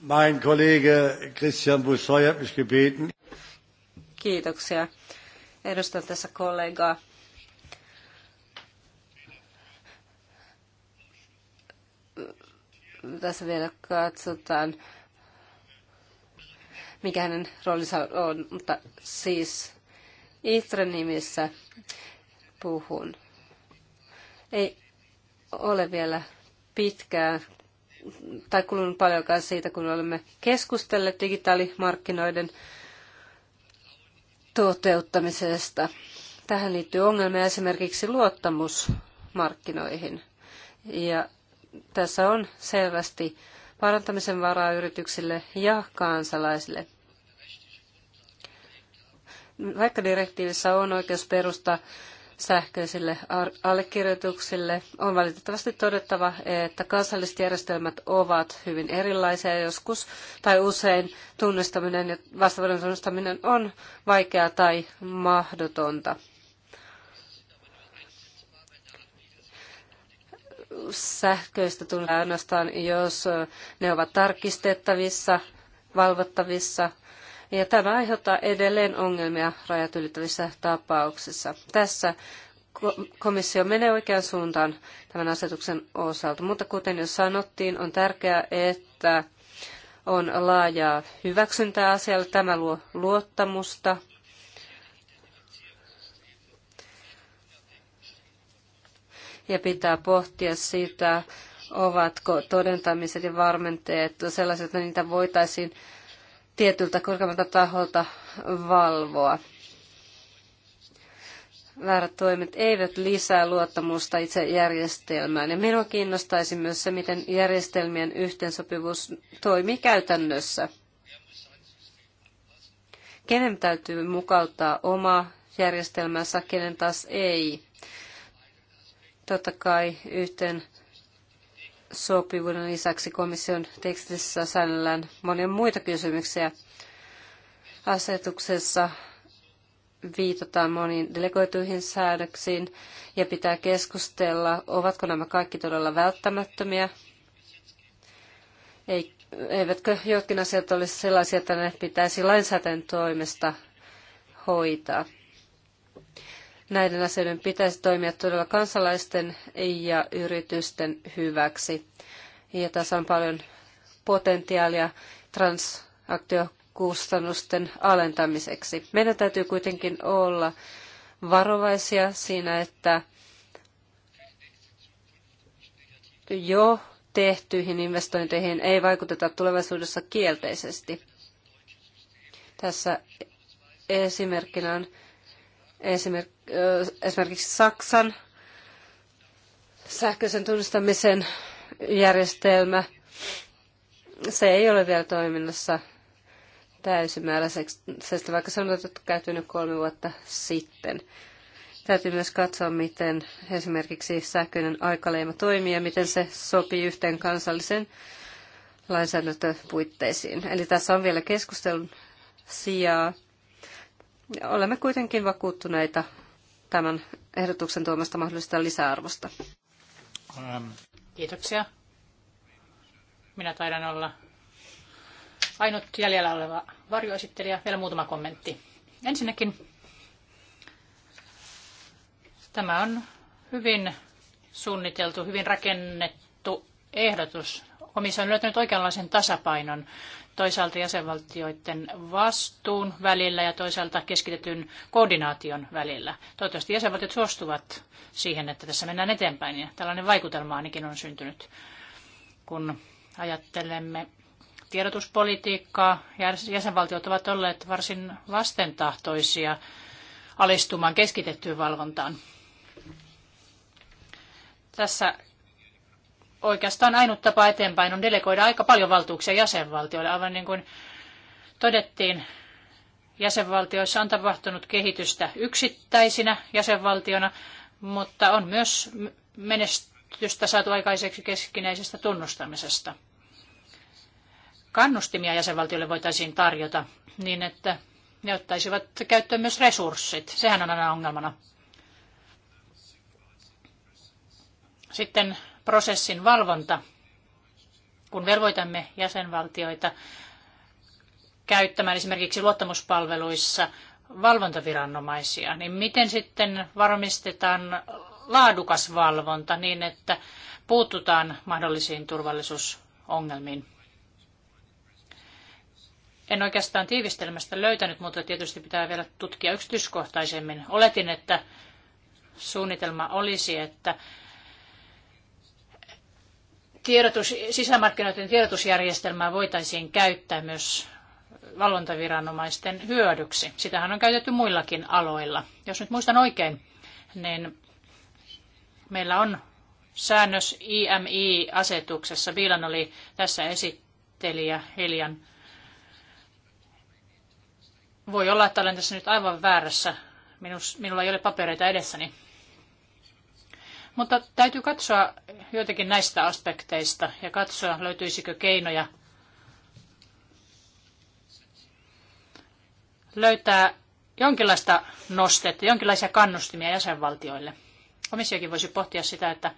S3: Mein Kollege Christian Bussoy hat mich gebeten. Kiitoksia. Edustan tässä kollegaa. Tässä vielä katsotaan, mikä hänen roolinsa on, mutta siis Itren nimissä puhun. Ei ole vielä pitkää tai kulunut paljonkaan siitä, kun olemme keskustelleet digitaalimarkkinoiden toteuttamisesta. Tähän liittyy ongelmia esimerkiksi luottamusmarkkinoihin. Ja tässä on selvästi parantamisen varaa yrityksille ja kansalaisille. Vaikka direktiivissä on oikeus perusta sähköisille allekirjoituksille. On valitettavasti todettava, että kansalliset järjestelmät ovat hyvin erilaisia joskus tai usein tunnistaminen ja vastavuoden tunnistaminen on vaikeaa tai mahdotonta. Sähköistä tunnistaa ainoastaan, jos ne ovat tarkistettavissa, valvottavissa – ja tämä aiheuttaa edelleen ongelmia rajat ylittävissä tapauksissa. Tässä komissio menee oikeaan suuntaan tämän asetuksen osalta, mutta kuten jo sanottiin, on tärkeää, että on laajaa hyväksyntää asialle. Tämä luo luottamusta. Ja pitää pohtia sitä, ovatko todentamiset ja varmenteet sellaiset, että niitä voitaisiin tietyltä korkeammalta taholta valvoa. Väärät toimet eivät lisää luottamusta itse järjestelmään. Ja minua kiinnostaisi myös se, miten järjestelmien yhteensopivuus toimii käytännössä. Kenen täytyy mukauttaa oma järjestelmänsä, kenen taas ei. Totta kai yhteen sopivuuden lisäksi komission tekstissä säännellään monia muita kysymyksiä. Asetuksessa viitataan moniin delegoituihin säädöksiin ja pitää keskustella, ovatko nämä kaikki todella välttämättömiä. Ei, eivätkö jotkin asiat olisi sellaisia, että ne pitäisi lainsäädännön toimesta hoitaa. Näiden asioiden pitäisi toimia todella kansalaisten ja yritysten hyväksi. Ja tässä on paljon potentiaalia transaktiokustannusten alentamiseksi. Meidän täytyy kuitenkin olla varovaisia siinä, että jo tehtyihin investointeihin ei vaikuteta tulevaisuudessa kielteisesti. Tässä esimerkkinä on esimerkiksi Saksan sähköisen tunnistamisen järjestelmä, se ei ole vielä toiminnassa täysimääräisesti, vaikka se on otettu käytynyt kolme vuotta sitten. Täytyy myös katsoa, miten esimerkiksi sähköinen aikaleima toimii ja miten se sopii yhteen kansallisen lainsäädäntöpuitteisiin. Eli tässä on vielä keskustelun sijaa. Olemme kuitenkin vakuuttuneita tämän ehdotuksen tuomasta mahdollisesta lisäarvosta.
S2: Ähm. Kiitoksia. Minä taidan olla ainut jäljellä oleva varjoesittelijä. Vielä muutama kommentti. Ensinnäkin tämä on hyvin suunniteltu, hyvin rakennettu ehdotus. Komissio on löytänyt oikeanlaisen tasapainon toisaalta jäsenvaltioiden vastuun välillä ja toisaalta keskitetyn koordinaation välillä. Toivottavasti jäsenvaltiot suostuvat siihen, että tässä mennään eteenpäin ja tällainen vaikutelma ainakin on syntynyt, kun ajattelemme tiedotuspolitiikkaa. Jäsenvaltiot ovat olleet varsin vastentahtoisia alistumaan keskitettyyn valvontaan. Tässä oikeastaan ainut tapa eteenpäin on delegoida aika paljon valtuuksia jäsenvaltioille, aivan niin kuin todettiin jäsenvaltioissa on tapahtunut kehitystä yksittäisinä jäsenvaltiona, mutta on myös menestystä saatu aikaiseksi keskinäisestä tunnustamisesta. Kannustimia jäsenvaltioille voitaisiin tarjota niin, että ne ottaisivat käyttöön myös resurssit. Sehän on aina ongelmana. Sitten prosessin valvonta, kun velvoitamme jäsenvaltioita käyttämään esimerkiksi luottamuspalveluissa valvontaviranomaisia, niin miten sitten varmistetaan laadukas valvonta niin, että puututaan mahdollisiin turvallisuusongelmiin? En oikeastaan tiivistelmästä löytänyt, mutta tietysti pitää vielä tutkia yksityiskohtaisemmin. Oletin, että suunnitelma olisi, että tiedotus, sisämarkkinoiden tiedotusjärjestelmää voitaisiin käyttää myös valvontaviranomaisten hyödyksi. Sitähän on käytetty muillakin aloilla. Jos nyt muistan oikein, niin meillä on säännös IMI-asetuksessa. Viilan oli tässä esittelijä hiljan. Voi olla, että olen tässä nyt aivan väärässä. minulla ei ole papereita edessäni. Mutta täytyy katsoa joitakin näistä aspekteista ja katsoa, löytyisikö keinoja löytää jonkinlaista nostetta, jonkinlaisia kannustimia jäsenvaltioille. Komissiokin voisi pohtia sitä, että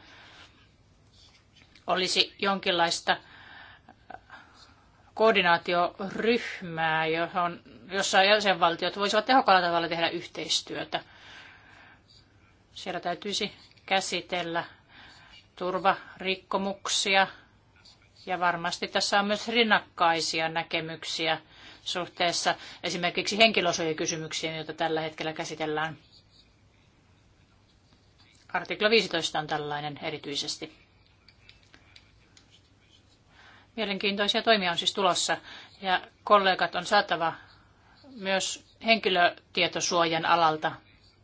S2: olisi jonkinlaista koordinaatioryhmää, johon, jossa jäsenvaltiot voisivat tehokkaalla tavalla tehdä yhteistyötä. Siellä täytyisi käsitellä turvarikkomuksia. Ja varmasti tässä on myös rinnakkaisia näkemyksiä suhteessa esimerkiksi henkilösuojakysymyksiin, joita tällä hetkellä käsitellään. Artikla 15 on tällainen erityisesti. Mielenkiintoisia toimia on siis tulossa ja kollegat on saatava myös henkilötietosuojan alalta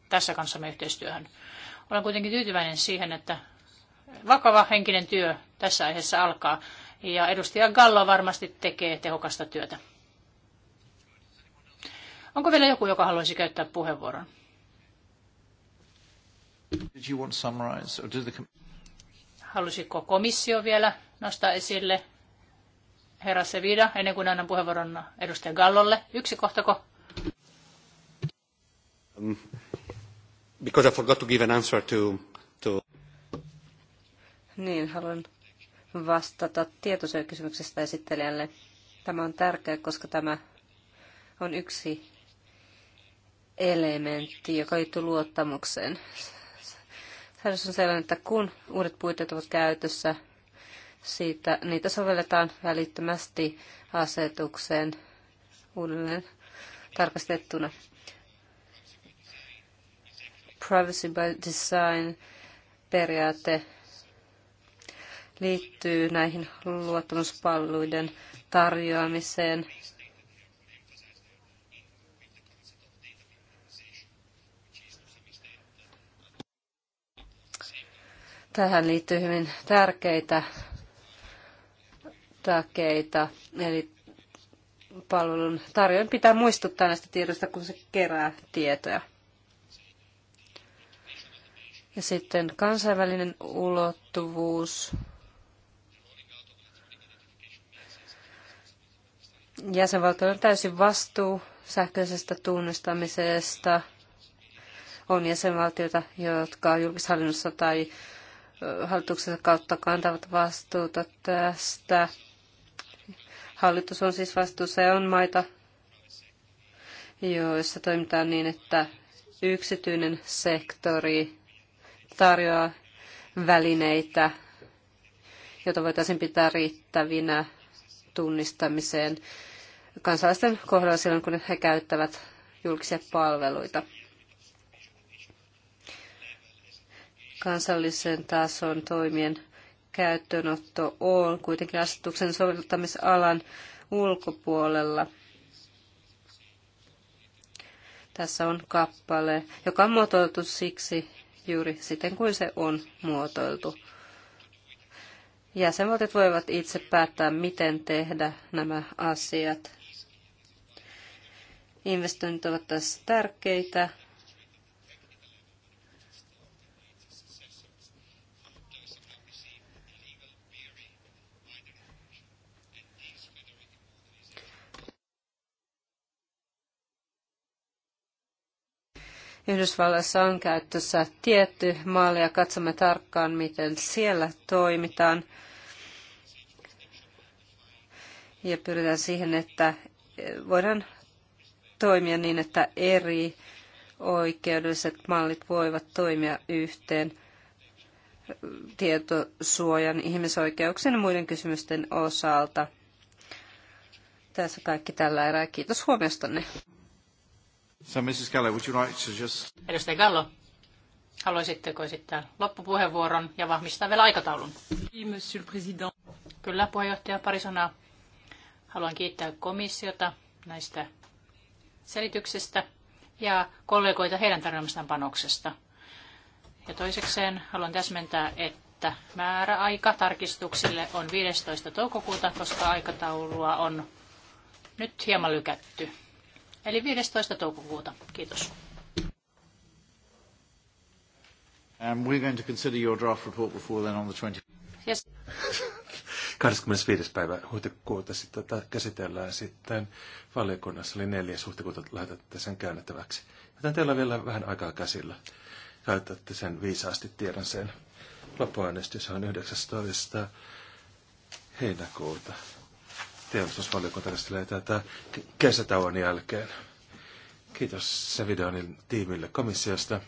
S2: tässä kanssamme yhteistyöhön. Olen kuitenkin tyytyväinen siihen, että vakava henkinen työ tässä aiheessa alkaa. Ja edustaja Gallo varmasti tekee tehokasta työtä. Onko vielä joku, joka haluaisi käyttää puheenvuoron? Halusiko komissio vielä nostaa esille herra Sevida, ennen kuin annan puheenvuoron edustaja Gallolle? Yksi kohtako?
S1: Um, because I forgot to give an answer to, to...
S3: Niin, haluan vastata tietosuojakysymyksestä esittelijälle. Tämä on tärkeää, koska tämä on yksi elementti, joka liittyy luottamukseen. Säädös on sellainen, että kun uudet puitteet ovat käytössä, siitä, niitä sovelletaan välittömästi asetukseen uudelleen tarkastettuna privacy by design periaate liittyy näihin luottamuspalveluiden tarjoamiseen. Tähän liittyy hyvin tärkeitä takeita, eli palvelun tarjoajan pitää muistuttaa näistä tiedoista, kun se kerää tietoja. Ja sitten kansainvälinen ulottuvuus. Jäsenvaltioiden täysin vastuu sähköisestä tunnistamisesta. On jäsenvaltioita, jotka julkishallinnossa tai hallituksessa kautta kantavat vastuuta tästä. Hallitus on siis vastuussa ja on maita, joissa toimitaan niin, että yksityinen sektori tarjoaa välineitä, joita voitaisiin pitää riittävinä tunnistamiseen kansalaisten kohdalla silloin, kun he käyttävät julkisia palveluita. Kansallisen tason toimien käyttöönotto on kuitenkin asetuksen soveltamisalan ulkopuolella. Tässä on kappale, joka on muotoiltu siksi, juuri siten kuin se on muotoiltu. Jäsenvaltiot voivat itse päättää, miten tehdä nämä asiat. Investoinnit ovat tässä tärkeitä Yhdysvalloissa on käytössä tietty malli ja katsomme tarkkaan, miten siellä toimitaan. Ja pyritään siihen, että voidaan toimia niin, että eri oikeudelliset mallit voivat toimia yhteen tietosuojan, ihmisoikeuksien ja muiden kysymysten osalta. Tässä kaikki tällä erää. Kiitos huomiostanne.
S1: So
S2: Mrs. Gallo, would you like to just... Edustaja Gallo, haluaisitteko esittää loppupuheenvuoron ja vahvistaa vielä aikataulun? Monsieur le Président. Kyllä, puheenjohtaja, pari sanaa. Haluan kiittää komissiota näistä selityksistä ja kollegoita heidän tarjoamastaan panoksesta. Ja toisekseen haluan täsmentää, että määräaika tarkistuksille on 15. toukokuuta, koska aikataulua on nyt hieman lykätty. Eli 15. toukokuuta. Kiitos. Um, we're going to consider your draft
S1: report before then on the 20... Yes. 25. päivä huhtikuuta sitten tätä tota käsitellään sitten valiokunnassa, eli 4. huhtikuuta lähetätte sen käännettäväksi. Joten teillä on vielä vähän aikaa käsillä. Käytätte sen viisaasti, tiedän sen. Loppuäänestys on 19. heinäkuuta teollisuusvaliokunta käsittelee tätä kesätauon jälkeen. Kiitos Sevidonin tiimille komissiosta.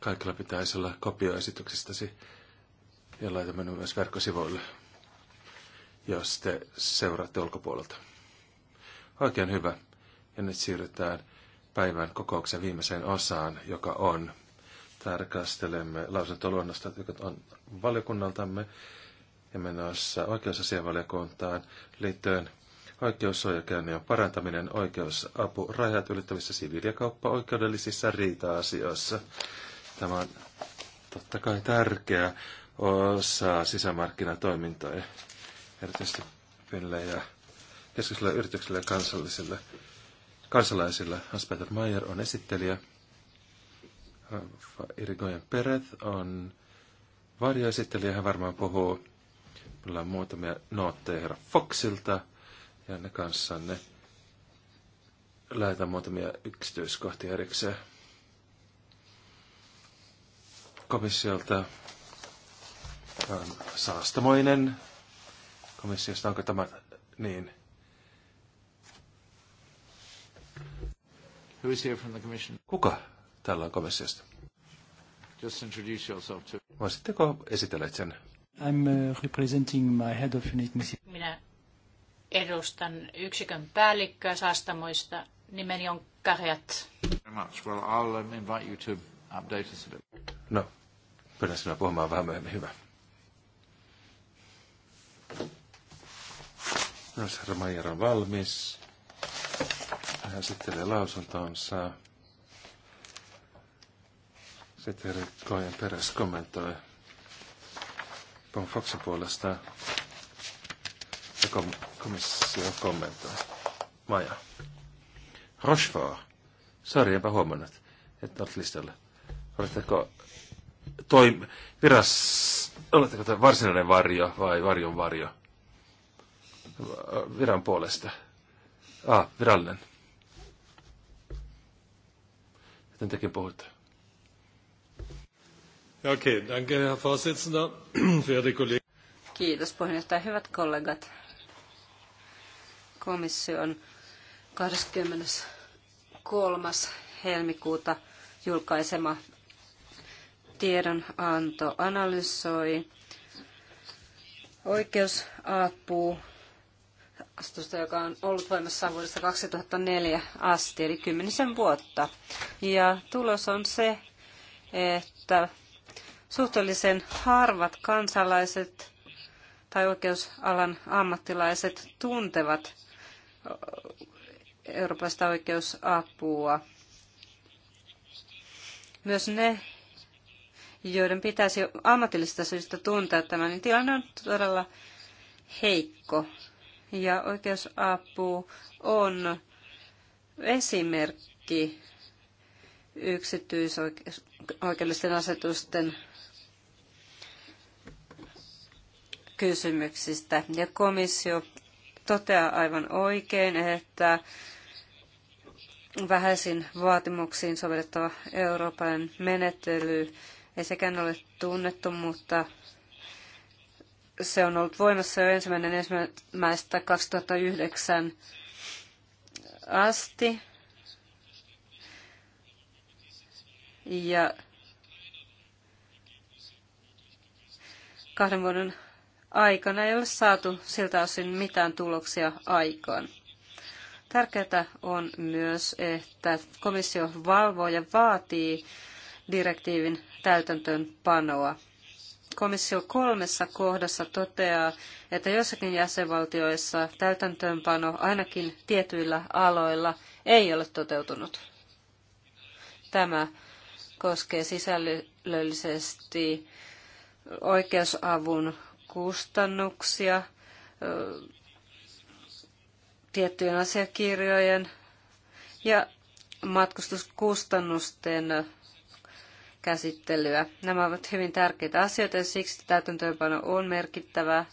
S1: Kaikilla pitäisi olla kopio ja laitamme ne myös verkkosivuille, jos te seuraatte ulkopuolelta. Oikein hyvä. Ja nyt siirrytään päivän kokouksen viimeiseen osaan, joka on tarkastelemme lausuntoluonnosta, joka on valiokunnaltamme ja menossa oikeusasiavaliokuntaan liittyen oikeussuojakäynnin parantaminen, oikeusapu rajat ylittävissä siviili- ja kauppa-oikeudellisissa riita-asioissa. Tämä on totta kai tärkeä osa sisämarkkinatoimintoja, erityisesti pienille ja keskeisille yrityksille ja kansallisille, kansalaisille. Hans-Peter Mayer on esittelijä. Äh, Irigoyen Peret on varjoesittelijä. Hän varmaan puhuu Meillä on muutamia nootteja herra Foxilta ja ne kanssanne. Lähetän muutamia yksityiskohtia erikseen. Komissiolta on saastamoinen. Komissiosta onko tämä niin? Who is here from the commission? Kuka täällä on komissiosta? Just introduce yourself to... Voisitteko esitellä sen? I'm uh, representing my head of unit,
S2: Minä edustan yksikön päällikköä saastamoista. Nimeni on Karjat. Well, I'll um, invite you to update
S1: us a bit. No, pyydän sinua puhumaan vähän myöhemmin. Hyvä. No, herra Maijer on valmis. Hän esittelee lausuntonsa. Sitten Rikkojen perässä kommentoi. Tom Foxin puolesta ja kommentoi. Maja. Rochefort. Sorry, enpä huomannut, että olet listalla. Oletteko toim- viras... Oletteko te varsinainen varjo vai varjon varjo? Viran puolesta. Ah, virallinen. Miten tekin puhutte? Kiitos
S3: puheenjohtaja. Hyvät kollegat, komission 23. helmikuuta julkaisema tiedonanto analysoi oikeusapu joka on ollut voimassa vuodesta 2004 asti, eli kymmenisen vuotta. Ja tulos on se, että Suhteellisen harvat kansalaiset tai oikeusalan ammattilaiset tuntevat Euroopasta oikeusapua. Myös ne, joiden pitäisi ammatillisista syistä tuntea tämä, niin tilanne on todella heikko. Ja oikeusapu on esimerkki yksityisoikeudellisten asetusten kysymyksistä. Ja komissio toteaa aivan oikein, että vähäisiin vaatimuksiin sovellettava Euroopan menettely ei sekään ole tunnettu, mutta se on ollut voimassa jo ensimmäinen ensimmäistä 2009 asti. Ja kahden vuoden aikana ei ole saatu siltä osin mitään tuloksia aikaan. Tärkeää on myös, että komissio valvoo ja vaatii direktiivin täytäntöönpanoa. Komissio kolmessa kohdassa toteaa, että jossakin jäsenvaltioissa täytäntöönpano ainakin tietyillä aloilla ei ole toteutunut. Tämä koskee sisällöllisesti oikeusavun kustannuksia tiettyjen asiakirjojen ja matkustuskustannusten käsittelyä. Nämä ovat hyvin tärkeitä asioita ja siksi täytäntöönpano on merkittävää.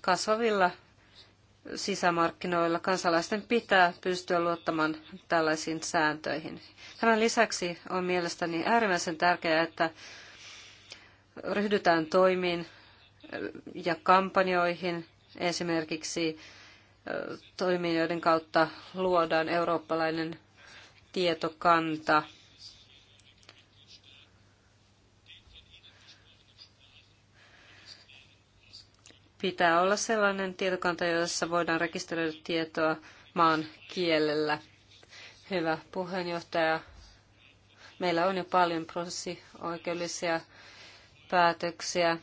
S3: Kasvavilla sisämarkkinoilla kansalaisten pitää pystyä luottamaan tällaisiin sääntöihin. Tämän lisäksi on mielestäni äärimmäisen tärkeää, että ryhdytään toimiin ja kampanjoihin esimerkiksi toimiin, joiden kautta luodaan eurooppalainen tietokanta. Pitää olla sellainen tietokanta, jossa voidaan rekisteröidä tietoa maan kielellä. Hyvä puheenjohtaja. Meillä on jo paljon prosessioikeudellisia oikeudellisia päätöksiä.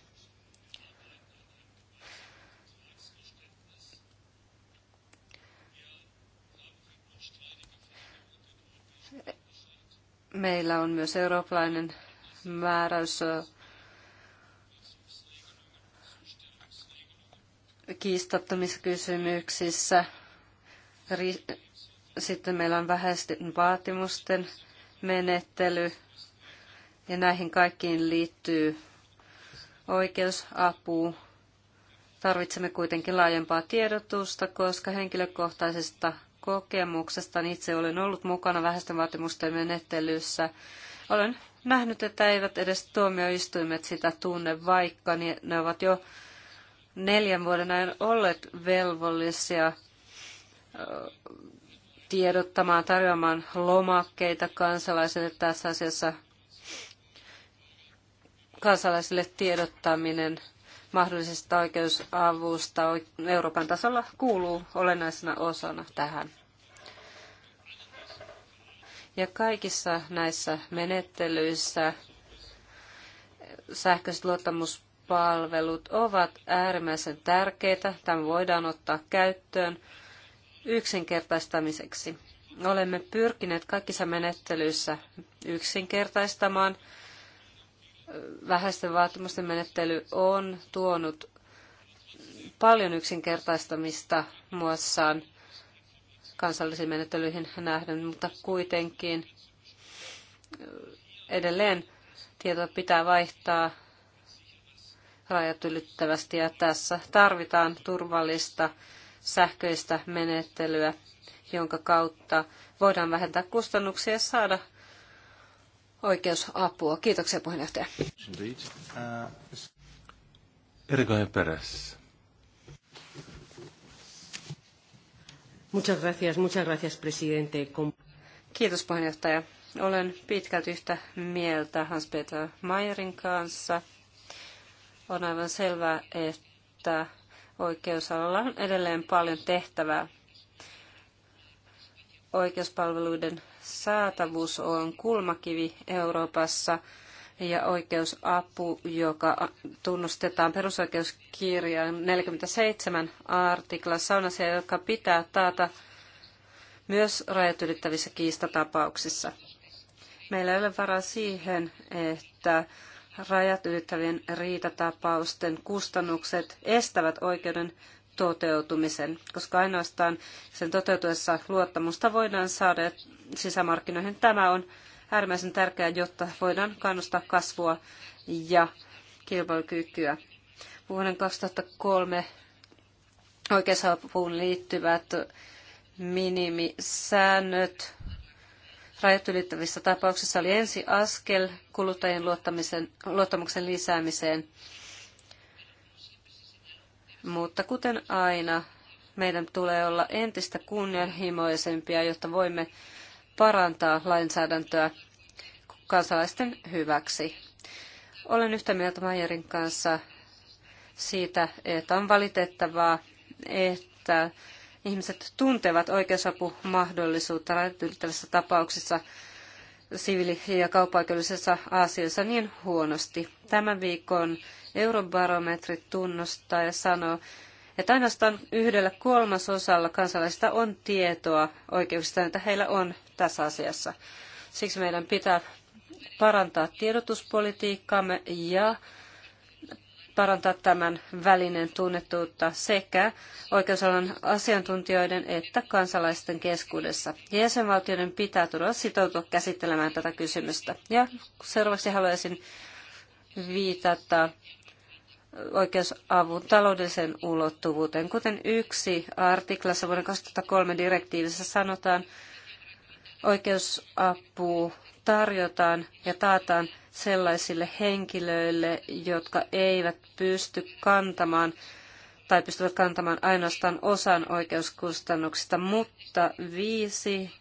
S3: Meillä on myös eurooppalainen määräys kiistattomissa kysymyksissä. Sitten meillä on vähäisten vaatimusten menettely ja näihin kaikkiin liittyy oikeusapu. Tarvitsemme kuitenkin laajempaa tiedotusta, koska henkilökohtaisesta kokemuksesta itse olen ollut mukana vähäisten vaatimusten menettelyssä. Olen nähnyt, että eivät edes tuomioistuimet sitä tunne, vaikka niin ne ovat jo neljän vuoden ajan olleet velvollisia tiedottamaan, tarjoamaan lomakkeita kansalaisille tässä asiassa kansalaisille tiedottaminen mahdollisesta oikeusavusta Euroopan tasolla kuuluu olennaisena osana tähän. Ja kaikissa näissä menettelyissä sähköiset luottamuspalvelut ovat äärimmäisen tärkeitä. Tämä voidaan ottaa käyttöön yksinkertaistamiseksi. Olemme pyrkineet kaikissa menettelyissä yksinkertaistamaan – vähäisten vaatimusten menettely on tuonut paljon yksinkertaistamista muassaan kansallisiin menettelyihin nähden, mutta kuitenkin äh, edelleen tietoa pitää vaihtaa rajat ylittävästi ja tässä tarvitaan turvallista sähköistä menettelyä, jonka kautta voidaan vähentää kustannuksia ja saada oikeusapua. Kiitoksia puheenjohtaja.
S1: Erikoinen perässä.
S3: Muchas gracias, muchas gracias, presidente. Kiitos puheenjohtaja. Olen pitkälti yhtä mieltä Hans-Peter Mayerin kanssa. On aivan selvää, että oikeusalalla on edelleen paljon tehtävää. Oikeuspalveluiden saatavuus on kulmakivi Euroopassa ja oikeusapu, joka tunnustetaan perusoikeuskirjan 47 artiklassa, on asia, joka pitää taata myös rajat ylittävissä kiistatapauksissa. Meillä ei ole varaa siihen, että rajat ylittävien riitatapausten kustannukset estävät oikeuden toteutumisen, koska ainoastaan sen toteutuessa luottamusta voidaan saada sisämarkkinoihin. Tämä on äärimmäisen tärkeää, jotta voidaan kannustaa kasvua ja kilpailukykyä. Vuoden 2003 oikeusapuun liittyvät minimisäännöt rajat ylittävissä tapauksissa oli ensi askel kuluttajien luottamuksen lisäämiseen mutta kuten aina, meidän tulee olla entistä kunnianhimoisempia, jotta voimme parantaa lainsäädäntöä kansalaisten hyväksi. Olen yhtä mieltä Majerin kanssa siitä, että on valitettavaa, että ihmiset tuntevat oikeusapumahdollisuutta rajoittavissa tapauksissa siviili- ja kauppaoikeudellisissa asioissa niin huonosti. Tämän viikon eurobarometri tunnustaa ja sanoo, että ainoastaan yhdellä kolmasosalla kansalaisista on tietoa oikeuksista, joita heillä on tässä asiassa. Siksi meidän pitää parantaa tiedotuspolitiikkaamme ja parantaa tämän välinen tunnettuutta sekä oikeusalan asiantuntijoiden että kansalaisten keskuudessa. Jäsenvaltioiden pitää todella sitoutua käsittelemään tätä kysymystä. Ja seuraavaksi haluaisin viitata oikeusavun taloudelliseen ulottuvuuteen. Kuten yksi artiklassa vuoden 2003 direktiivissä sanotaan, oikeusapu tarjotaan ja taataan sellaisille henkilöille, jotka eivät pysty kantamaan tai pystyvät kantamaan ainoastaan osan oikeuskustannuksista, mutta viisi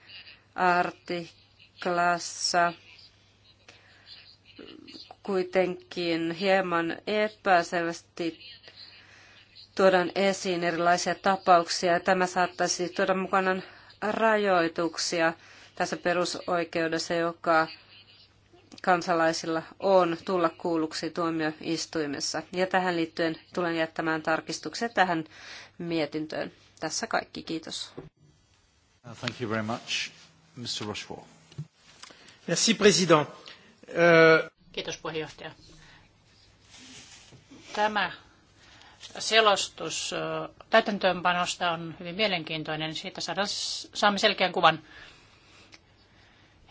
S3: artiklassa kuitenkin hieman epäselvästi tuodaan esiin erilaisia tapauksia. Tämä saattaisi tuoda mukanaan rajoituksia tässä perusoikeudessa, joka kansalaisilla on tulla kuulluksi tuomioistuimessa. Ja tähän liittyen tulen jättämään tarkistuksia tähän mietintöön. Tässä kaikki, kiitos.
S1: Uh, thank you very much, Mr. Rochefort.
S3: Merci,
S2: President.
S1: Euh,
S2: kiitos puheenjohtaja. Tämä selostus täytäntöönpanosta on hyvin mielenkiintoinen. Siitä saadaan, saamme selkeän kuvan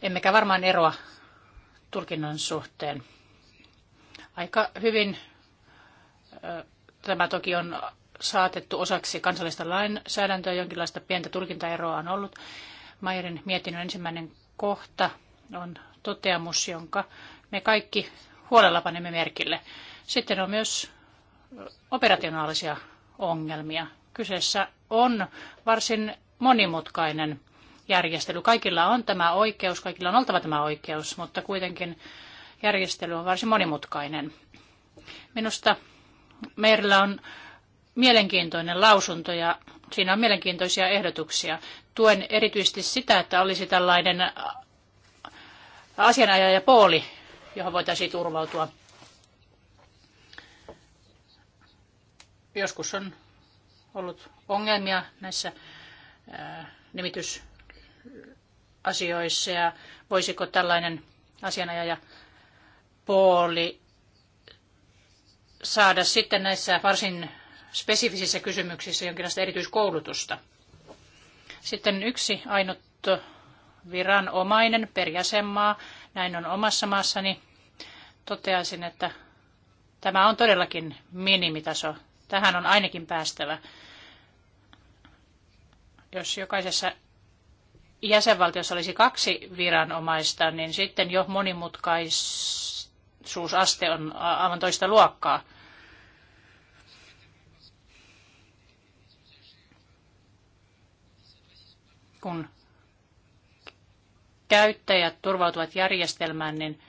S2: Emmekä varmaan eroa tulkinnan suhteen. Aika hyvin tämä toki on saatettu osaksi kansallista lainsäädäntöä. Jonkinlaista pientä tulkintaeroa on ollut. Mairin mietinnön ensimmäinen kohta on toteamus, jonka me kaikki huolella panemme merkille. Sitten on myös operationaalisia ongelmia. Kyseessä on varsin monimutkainen järjestely. Kaikilla on tämä oikeus, kaikilla on oltava tämä oikeus, mutta kuitenkin järjestely on varsin monimutkainen. Minusta meillä on mielenkiintoinen lausunto ja siinä on mielenkiintoisia ehdotuksia. Tuen erityisesti sitä, että olisi tällainen asianajaja pooli, johon voitaisiin turvautua. Joskus on ollut ongelmia näissä nimitys asioissa ja voisiko tällainen asianajaja puoli saada sitten näissä varsin spesifisissä kysymyksissä jonkinlaista erityiskoulutusta. Sitten yksi ainut viranomainen per jäsenmaa, näin on omassa maassani, toteaisin, että tämä on todellakin minimitaso. Tähän on ainakin päästävä. Jos jokaisessa jäsenvaltiossa olisi kaksi viranomaista, niin sitten jo monimutkaisuusaste on aivan toista luokkaa. Kun käyttäjät turvautuvat järjestelmään, niin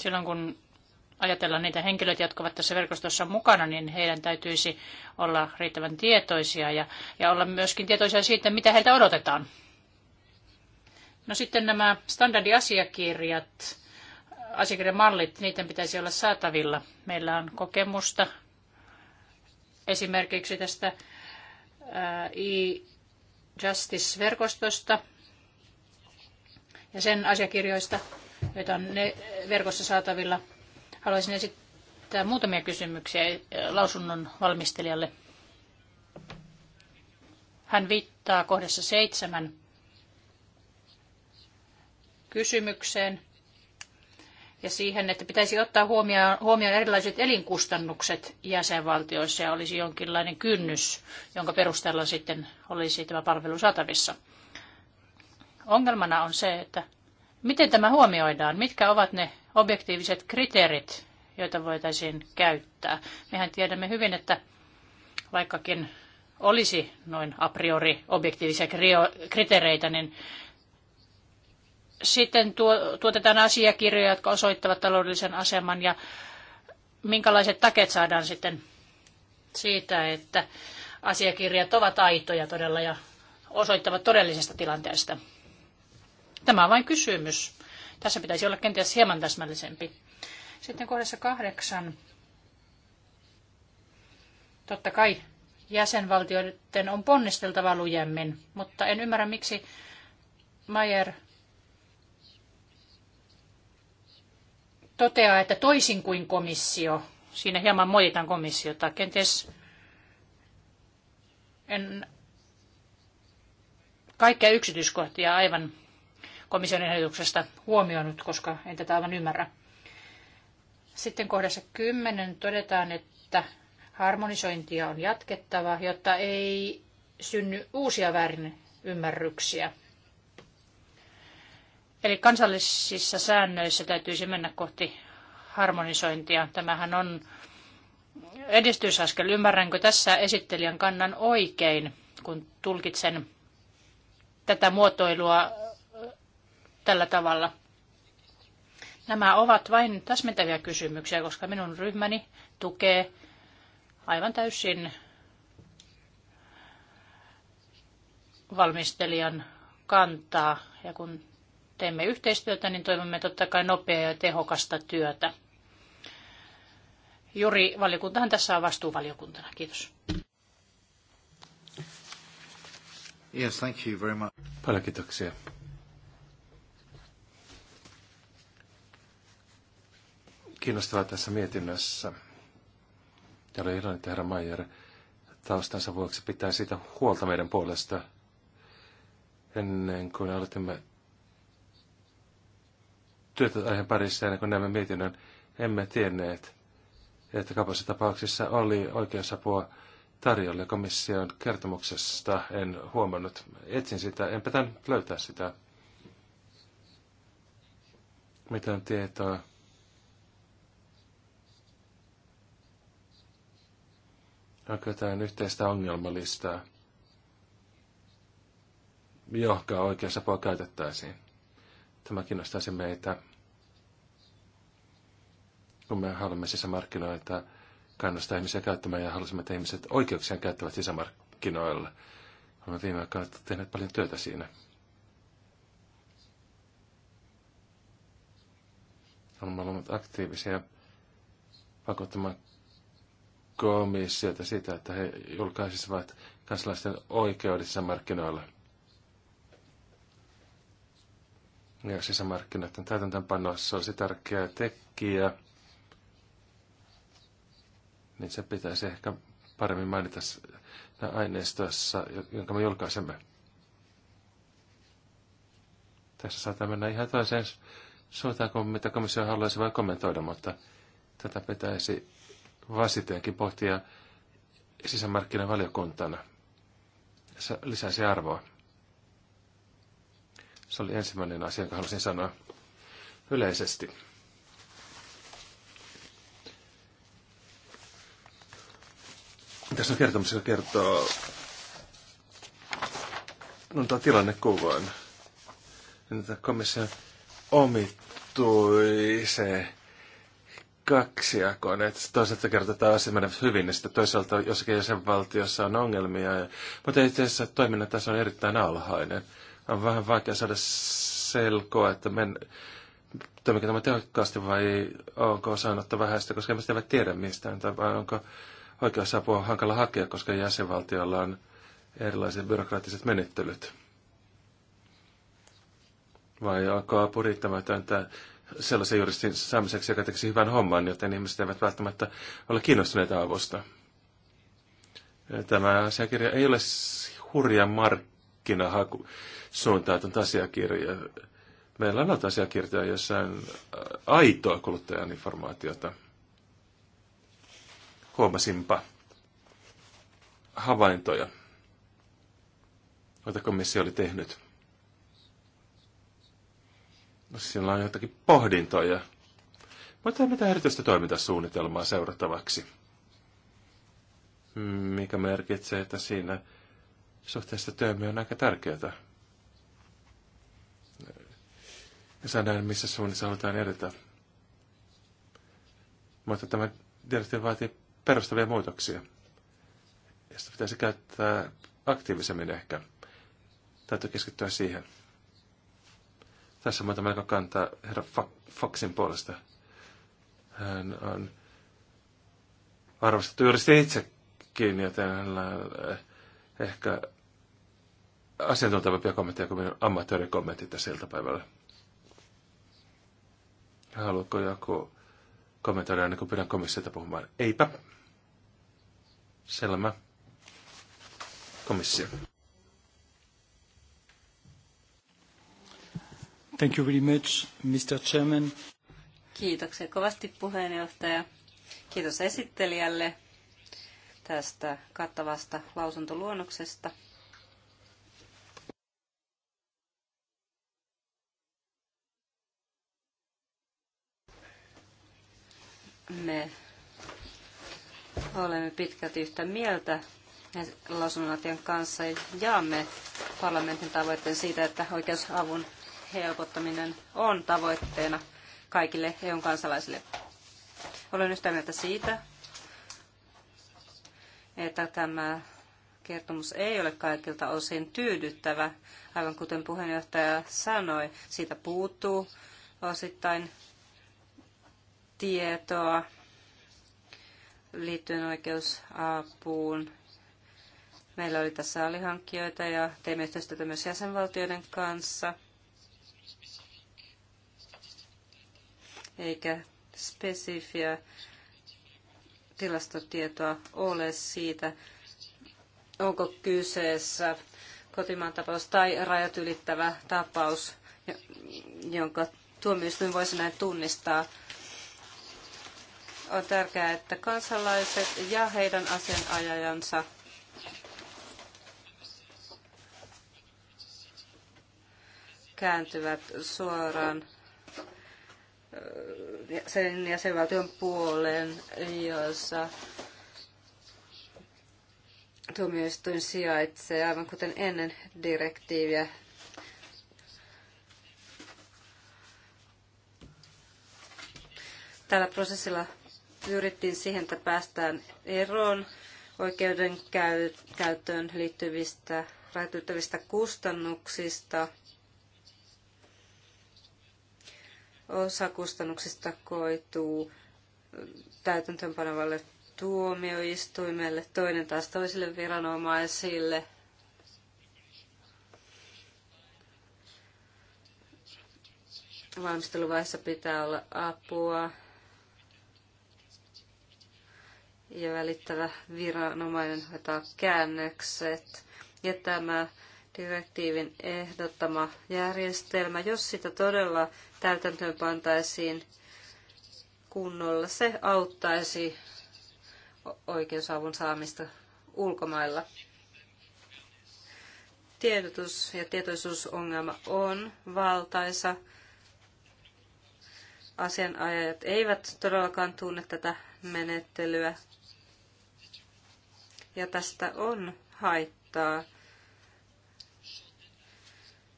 S2: silloin kun ajatella niitä henkilöitä, jotka ovat tässä verkostossa mukana, niin heidän täytyisi olla riittävän tietoisia ja, ja olla myöskin tietoisia siitä, mitä heiltä odotetaan. No sitten nämä standardiasiakirjat, asiakirjamallit, niiden pitäisi olla saatavilla. Meillä on kokemusta esimerkiksi tästä e-justice-verkostosta ja sen asiakirjoista, joita on ne verkossa saatavilla – Haluaisin esittää muutamia kysymyksiä eh, lausunnon valmistelijalle. Hän viittaa kohdassa seitsemän kysymykseen ja siihen, että pitäisi ottaa huomioon, huomioon erilaiset elinkustannukset jäsenvaltioissa ja olisi jonkinlainen kynnys, jonka perusteella sitten olisi tämä palvelu saatavissa. Ongelmana on se, että Miten tämä huomioidaan? Mitkä ovat ne objektiiviset kriteerit, joita voitaisiin käyttää? Mehän tiedämme hyvin, että vaikkakin olisi noin a priori objektiivisia kriteereitä, niin sitten tuotetaan asiakirjoja, jotka osoittavat taloudellisen aseman ja minkälaiset taket saadaan sitten siitä, että asiakirjat ovat aitoja todella ja osoittavat todellisesta tilanteesta. Tämä on vain kysymys. Tässä pitäisi olla kenties hieman täsmällisempi. Sitten kohdassa kahdeksan. Totta kai jäsenvaltioiden on ponnisteltava lujemmin, mutta en ymmärrä, miksi Mayer toteaa, että toisin kuin komissio, siinä hieman moitan komissiota, kenties en kaikkia yksityiskohtia aivan komission ehdotuksesta huomioinut, koska en tätä aivan ymmärrä. Sitten kohdassa 10 todetaan, että harmonisointia on jatkettava, jotta ei synny uusia ymmärryksiä. Eli kansallisissa säännöissä täytyisi mennä kohti harmonisointia. Tämähän on edistysaskel. Ymmärränkö tässä esittelijän kannan oikein, kun tulkitsen tätä muotoilua tällä tavalla. Nämä ovat vain täsmentäviä kysymyksiä, koska minun ryhmäni tukee aivan täysin valmistelijan kantaa. Ja kun teemme yhteistyötä, niin toivomme totta kai nopeaa ja tehokasta työtä. Juri, valiokuntahan tässä on vastuuvaliokuntana. Kiitos.
S1: Yes, thank you very much. Paljon kiitoksia. kiinnostavaa tässä mietinnössä. Ja olen iloinen, että herra Mayer taustansa vuoksi pitää siitä huolta meidän puolesta. Ennen kuin aloitimme työtä aiheen parissa, ennen kuin näemme mietinnön, emme tienneet, että kaupassa tapauksissa oli oikeusapua tarjolla komission kertomuksesta. En huomannut. Etsin sitä. Enpä tämän löytää sitä. Mitään tietoa Onko yhteistä ongelmalistaa, oikeassa oikeusapua käytettäisiin? Tämä kiinnostaisi meitä, kun me haluamme sisämarkkinoita kannustaa ihmisiä käyttämään ja halusimme, että ihmiset oikeuksien käyttävät sisämarkkinoilla. Olemme viime aikoina tehneet paljon työtä siinä. Olemme olleet aktiivisia pakottamaan komissiota siitä, että he julkaisisivat kansalaisten oikeudessa markkinoilla. Ja sisämarkkinoiden täytäntöönpanossa olisi tärkeä tekijä, niin se pitäisi ehkä paremmin mainita aineistossa, jonka me julkaisemme. Tässä saattaa mennä ihan toiseen suuntaan kuin mitä komissio haluaisi vain kommentoida, mutta tätä pitäisi vasiteenkin pohtia sisämarkkinavaliokuntana. Se lisäsi arvoa. Se oli ensimmäinen asia, jonka halusin sanoa yleisesti. Tässä on kertomus, joka kertoo no, tilannekuvan. Että komissio omittui se kaksi jakoa. Että toisaalta kertaa tämä asia menee hyvin, ja niin sitten toisaalta jossakin jäsenvaltiossa on ongelmia. Ja, mutta itse asiassa toiminnan taso on erittäin alhainen. On vähän vaikea saada selkoa, että men, toimiko tämä tehokkaasti vai onko saanutta vähäistä, koska emme sitä tiedä mistään, tai vai onko oikeusapua on hankala hakea, koska jäsenvaltiolla on erilaiset byrokraattiset menettelyt. Vai onko apu riittämätöntä sellaisen juristin saamiseksi, joka tekisi hyvän homman, joten ihmiset eivät välttämättä ole kiinnostuneita avusta. Tämä asiakirja ei ole hurja markkinahaku suuntautunut asiakirja. Meillä on ollut asiakirjoja, joissa on aitoa kuluttajan informaatiota. Huomasinpa havaintoja, joita komissio oli tehnyt. Sillä on jotakin pohdintoja. Mutta mitä erityistä toimintasuunnitelmaa seurattavaksi? Mikä merkitsee, että siinä suhteessa työmme on aika tärkeää. Ja missä suunnissa halutaan edetä. Mutta tämä direktiivi vaatii perustavia muutoksia. Ja sitä pitäisi käyttää aktiivisemmin ehkä. Täytyy keskittyä siihen. Tässä muuten melko kantaa herra Foxin puolesta. Hän on arvostettu juuri itsekin, joten hänellä on eh, ehkä asiantuntevampia kommentteja kuin minun ammattiorikommentit tässä iltapäivällä. Haluatko joku kommentoida ennen kuin pyydän komissiota puhumaan? Eipä. Selmä. Komissio.
S2: Thank you very much, Mr. Chairman.
S3: Kiitoksia kovasti puheenjohtaja. Kiitos esittelijälle tästä kattavasta lausuntoluonnoksesta. Me olemme pitkälti yhtä mieltä lausunnonantajan kanssa ja jaamme parlamentin tavoitteen siitä, että oikeusavun helpottaminen on tavoitteena kaikille EUn kansalaisille. Olen yhtä mieltä siitä, että tämä kertomus ei ole kaikilta osin tyydyttävä. Aivan kuten puheenjohtaja sanoi, siitä puuttuu osittain tietoa liittyen oikeusapuun. Meillä oli tässä alihankkijoita ja teimme yhteistyötä myös jäsenvaltioiden kanssa – eikä spesifiä tilastotietoa ole siitä, onko kyseessä kotimaan tapaus tai rajat ylittävä tapaus, jonka tuomioistuin voisi näin tunnistaa. On tärkeää, että kansalaiset ja heidän asianajajansa kääntyvät suoraan sen jäsenvaltion puolen, jossa tuomioistuin sijaitsee, aivan kuten ennen direktiiviä. Tällä prosessilla pyrittiin siihen, että päästään eroon oikeudenkäyttöön liittyvistä rajoittavista kustannuksista – Osa kustannuksista koituu täytäntöönpanevalle tuomioistuimelle, toinen taas toisille viranomaisille. Valmisteluvaiheessa pitää olla apua ja välittävä viranomainen hoitaa käännökset. Ja tämä direktiivin ehdottama järjestelmä, jos sitä todella täytäntöön pantaisiin kunnolla, se auttaisi oikeusavun saamista ulkomailla. Tiedotus- ja tietoisuusongelma on valtaisa. Asianajajat eivät todellakaan tunne tätä menettelyä. Ja tästä on haittaa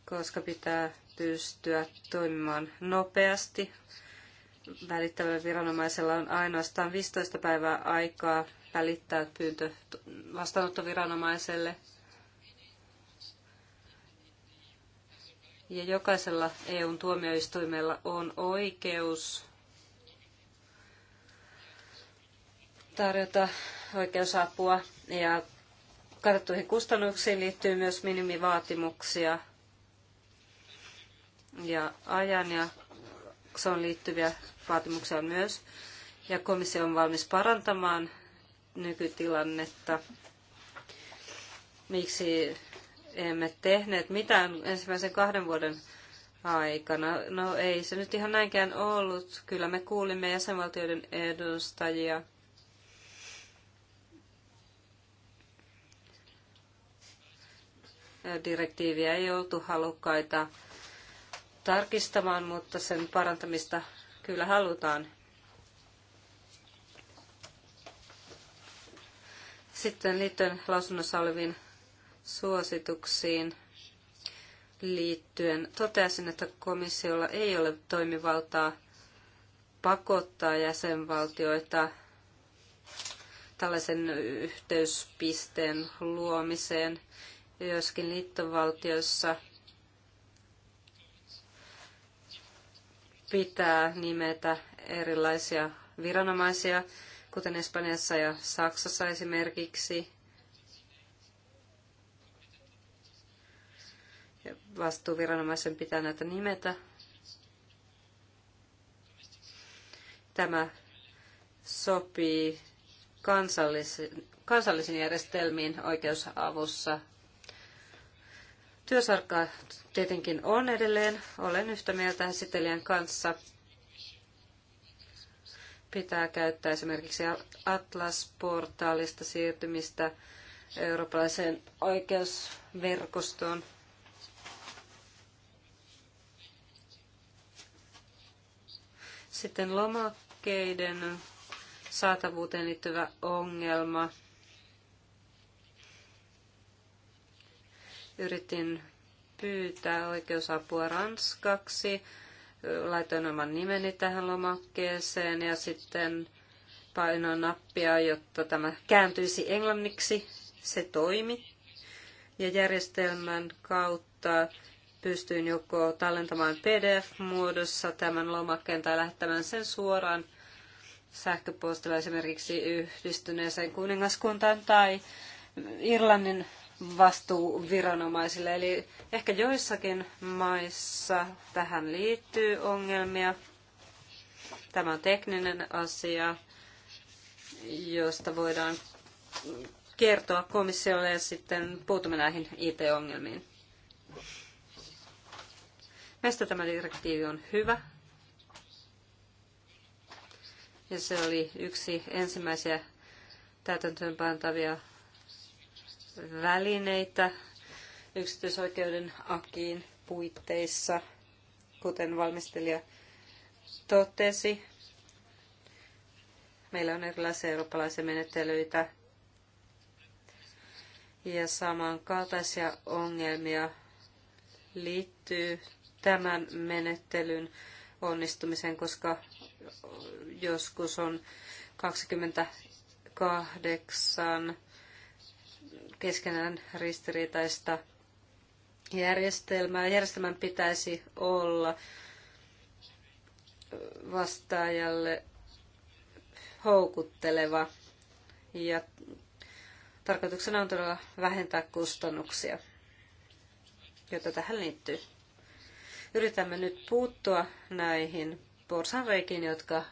S3: koska pitää pystyä toimimaan nopeasti. Välittävällä viranomaisella on ainoastaan 15 päivää aikaa välittää pyyntö vastaanottoviranomaiselle. Ja jokaisella EUn tuomioistuimella on oikeus tarjota oikeusapua ja katettuihin kustannuksiin liittyy myös minimivaatimuksia – ja ajan ja on liittyviä vaatimuksia myös. Ja komissio on valmis parantamaan nykytilannetta. Miksi emme tehneet mitään ensimmäisen kahden vuoden aikana? No ei se nyt ihan näinkään ollut. Kyllä me kuulimme jäsenvaltioiden edustajia. Direktiiviä ei oltu halukkaita tarkistamaan, mutta sen parantamista kyllä halutaan. Sitten liittyen lausunnossa oleviin suosituksiin liittyen toteasin, että komissiolla ei ole toimivaltaa pakottaa jäsenvaltioita tällaisen yhteyspisteen luomiseen. joskin liittovaltioissa pitää nimetä erilaisia viranomaisia, kuten Espanjassa ja Saksassa esimerkiksi. Vastuuviranomaisen pitää näitä nimetä. Tämä sopii kansallisiin, kansallisiin järjestelmiin oikeusavussa Työsarkaa tietenkin on edelleen. Olen yhtä mieltä esittelijän kanssa. Pitää käyttää esimerkiksi Atlas-portaalista siirtymistä eurooppalaiseen oikeusverkostoon. Sitten lomakkeiden saatavuuteen liittyvä ongelma – Yritin pyytää oikeusapua ranskaksi. Laitoin oman nimeni tähän lomakkeeseen ja sitten painoin nappia, jotta tämä kääntyisi englanniksi. Se toimi. Ja järjestelmän kautta pystyin joko tallentamaan PDF-muodossa tämän lomakkeen tai lähettämään sen suoraan sähköpostilla esimerkiksi yhdistyneeseen kuningaskuntaan tai Irlannin vastuuviranomaisille. Eli ehkä joissakin maissa tähän liittyy ongelmia. Tämä on tekninen asia, josta voidaan kertoa komissiolle ja sitten puutumme näihin IT-ongelmiin. Meistä tämä direktiivi on hyvä. Ja se oli yksi ensimmäisiä täytäntöönpantavia välineitä yksityisoikeuden akiin puitteissa, kuten valmistelija totesi. Meillä on erilaisia eurooppalaisia menettelyitä ja samankaltaisia ongelmia liittyy tämän menettelyn onnistumiseen, koska joskus on 28 keskenään ristiriitaista järjestelmää. Järjestelmän pitäisi olla vastaajalle houkutteleva ja tarkoituksena on todella vähentää kustannuksia, joita tähän liittyy. Yritämme nyt puuttua näihin porsanreikiin, jotka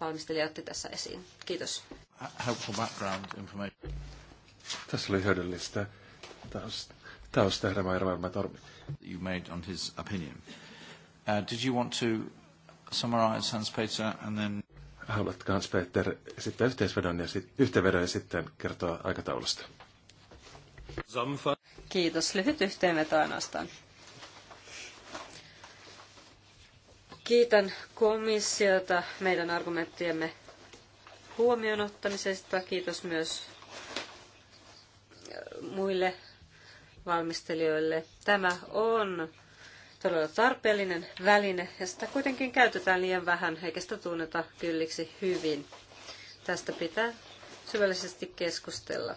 S3: valmistelija otti tässä esiin. Kiitos.
S1: Tässä oli hyödyllistä tausta, herra Maira Tormi. You made on his opinion. Uh, did you want to summarize Hans-Peter and then... Haluatko Hans-Peter esittää yhteisvedon ja sit, yhteenvedon ja sitten kertoa aikataulusta?
S3: Kiitos. Lyhyt yhteenveto ainoastaan. Kiitän komissiota meidän argumenttiemme huomioon ottamisesta. Kiitos myös muille valmistelijoille. Tämä on todella tarpeellinen väline ja sitä kuitenkin käytetään liian vähän eikä sitä tunneta kylliksi hyvin. Tästä pitää syvällisesti keskustella.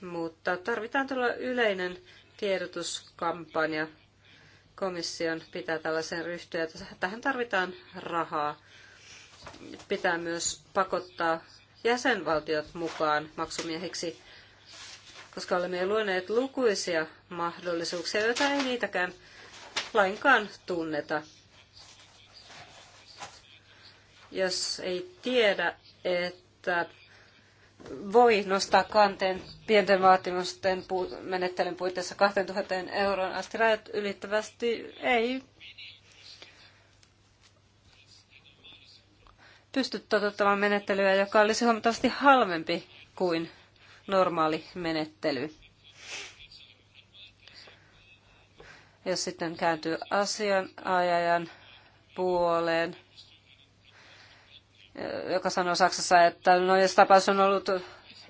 S3: Mutta tarvitaan todella yleinen tiedotuskampanja. Komission pitää tällaisen ryhtyä. Tähän tarvitaan rahaa. Pitää myös pakottaa jäsenvaltiot mukaan maksumiehiksi koska olemme jo luoneet lukuisia mahdollisuuksia, joita ei niitäkään lainkaan tunneta. Jos ei tiedä, että voi nostaa kanteen pienten vaatimusten menettelyn puitteissa 2000 euroon asti rajat ylittävästi, ei pysty toteuttamaan menettelyä, joka olisi huomattavasti halvempi kuin normaali menettely. Jos sitten kääntyy asianajajan puoleen, joka sanoo Saksassa, että no jos tapaus on ollut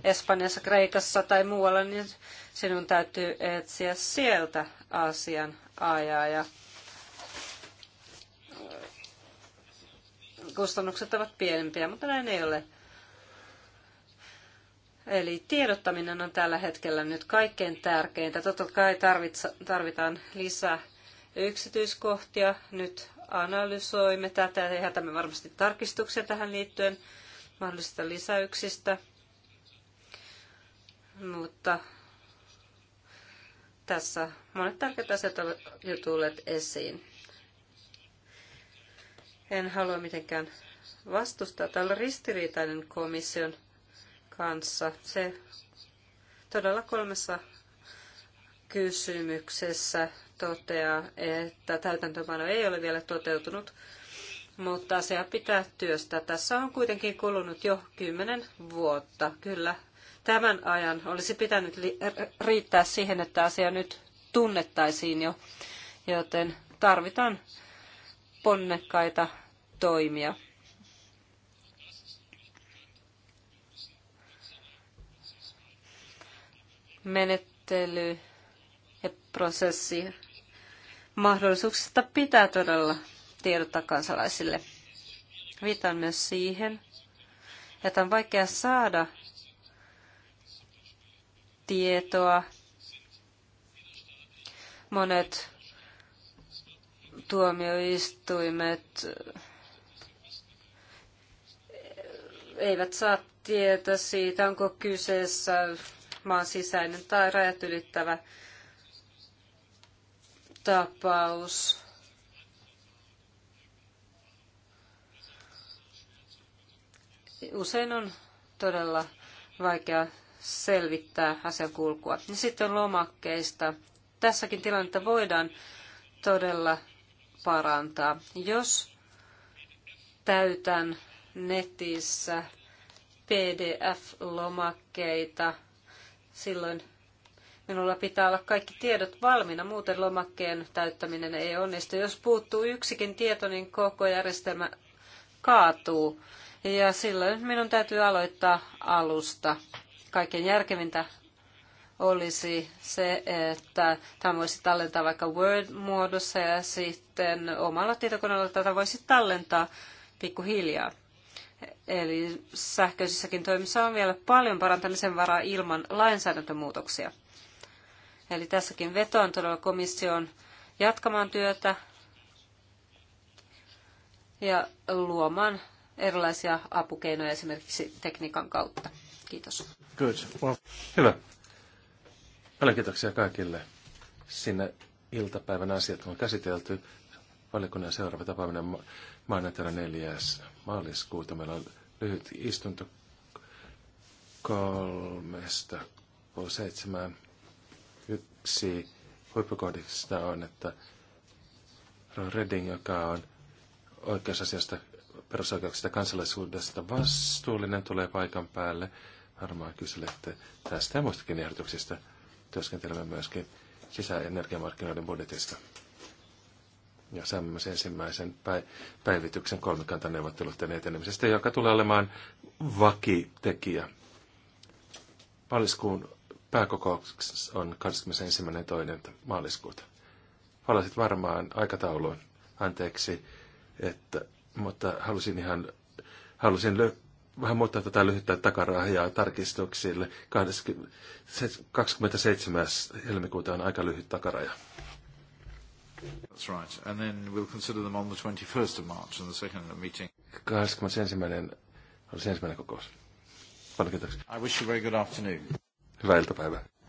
S3: Espanjassa, Kreikassa tai muualla, niin sinun täytyy etsiä sieltä asianajaja. ajaja. Kustannukset ovat pienempiä, mutta näin ei ole Eli tiedottaminen on tällä hetkellä nyt kaikkein tärkeintä. Totta kai tarvitaan lisää yksityiskohtia. Nyt analysoimme tätä ja jätämme varmasti tarkistuksia tähän liittyen mahdollisista lisäyksistä. Mutta tässä monet tärkeät asiat ovat jo tulleet esiin. En halua mitenkään vastustaa. tällä ristiriitainen komission kanssa. Se todella kolmessa kysymyksessä toteaa, että täytäntöpano ei ole vielä toteutunut, mutta asia pitää työstää. Tässä on kuitenkin kulunut jo kymmenen vuotta. Kyllä tämän ajan olisi pitänyt riittää siihen, että asia nyt tunnettaisiin jo, joten tarvitaan ponnekkaita toimia. menettely ja prosessi mahdollisuuksista pitää todella tiedottaa kansalaisille. Viitan myös siihen, että on vaikea saada tietoa. Monet tuomioistuimet eivät saa tietoa siitä, onko kyseessä maan sisäinen tai rajat ylittävä tapaus. Usein on todella vaikea selvittää asian kulkua. Ja sitten lomakkeista. Tässäkin tilannetta voidaan todella parantaa. Jos täytän netissä PDF-lomakkeita, silloin minulla pitää olla kaikki tiedot valmiina, muuten lomakkeen täyttäminen ei onnistu. Jos puuttuu yksikin tieto, niin koko järjestelmä kaatuu. Ja silloin minun täytyy aloittaa alusta. Kaiken järkevintä olisi se, että tämä voisi tallentaa vaikka Word-muodossa ja sitten omalla tietokoneella tätä voisi tallentaa pikkuhiljaa. Eli sähköisissäkin toimissa on vielä paljon parantamisen varaa ilman lainsäädäntömuutoksia. Eli tässäkin vetoan todella komission jatkamaan työtä ja luomaan erilaisia apukeinoja esimerkiksi tekniikan kautta. Kiitos.
S1: Good. Well, hyvä. Paljon kiitoksia kaikille. Sinne iltapäivän asiat on käsitelty. Valiokunnan seuraava tapaaminen maanantaina neljäs maaliskuuta. Meillä on lyhyt istunto kolmesta seitsemään. Yksi huippukohdista on, että Redding, joka on oikeusasiasta, perusoikeuksista kansalaisuudesta vastuullinen, tulee paikan päälle. Varmaan kyselette tästä ja muistakin ehdotuksista. Työskentelemme myöskin sisäenergiamarkkinoiden budjetista ja saamme ensimmäisen päivityksen kolmikantaneuvotteluiden etenemisestä, joka tulee olemaan vakitekijä. Maaliskuun pääkokouksessa on 21.2. maaliskuuta. Palasit varmaan aikatauluun. Anteeksi, että, mutta halusin ihan halusin lö- vähän muuttaa tätä lyhyttä takarahjaa tarkistuksille. 27. helmikuuta on aika lyhyt takaraja.
S2: That's right. And then we'll consider them on the 21st of March and the second meeting.
S1: 21. oli se ensimmäinen kokous. Paljon kiitoksia.
S2: I wish you a very good afternoon.
S1: Hyvää iltapäivää.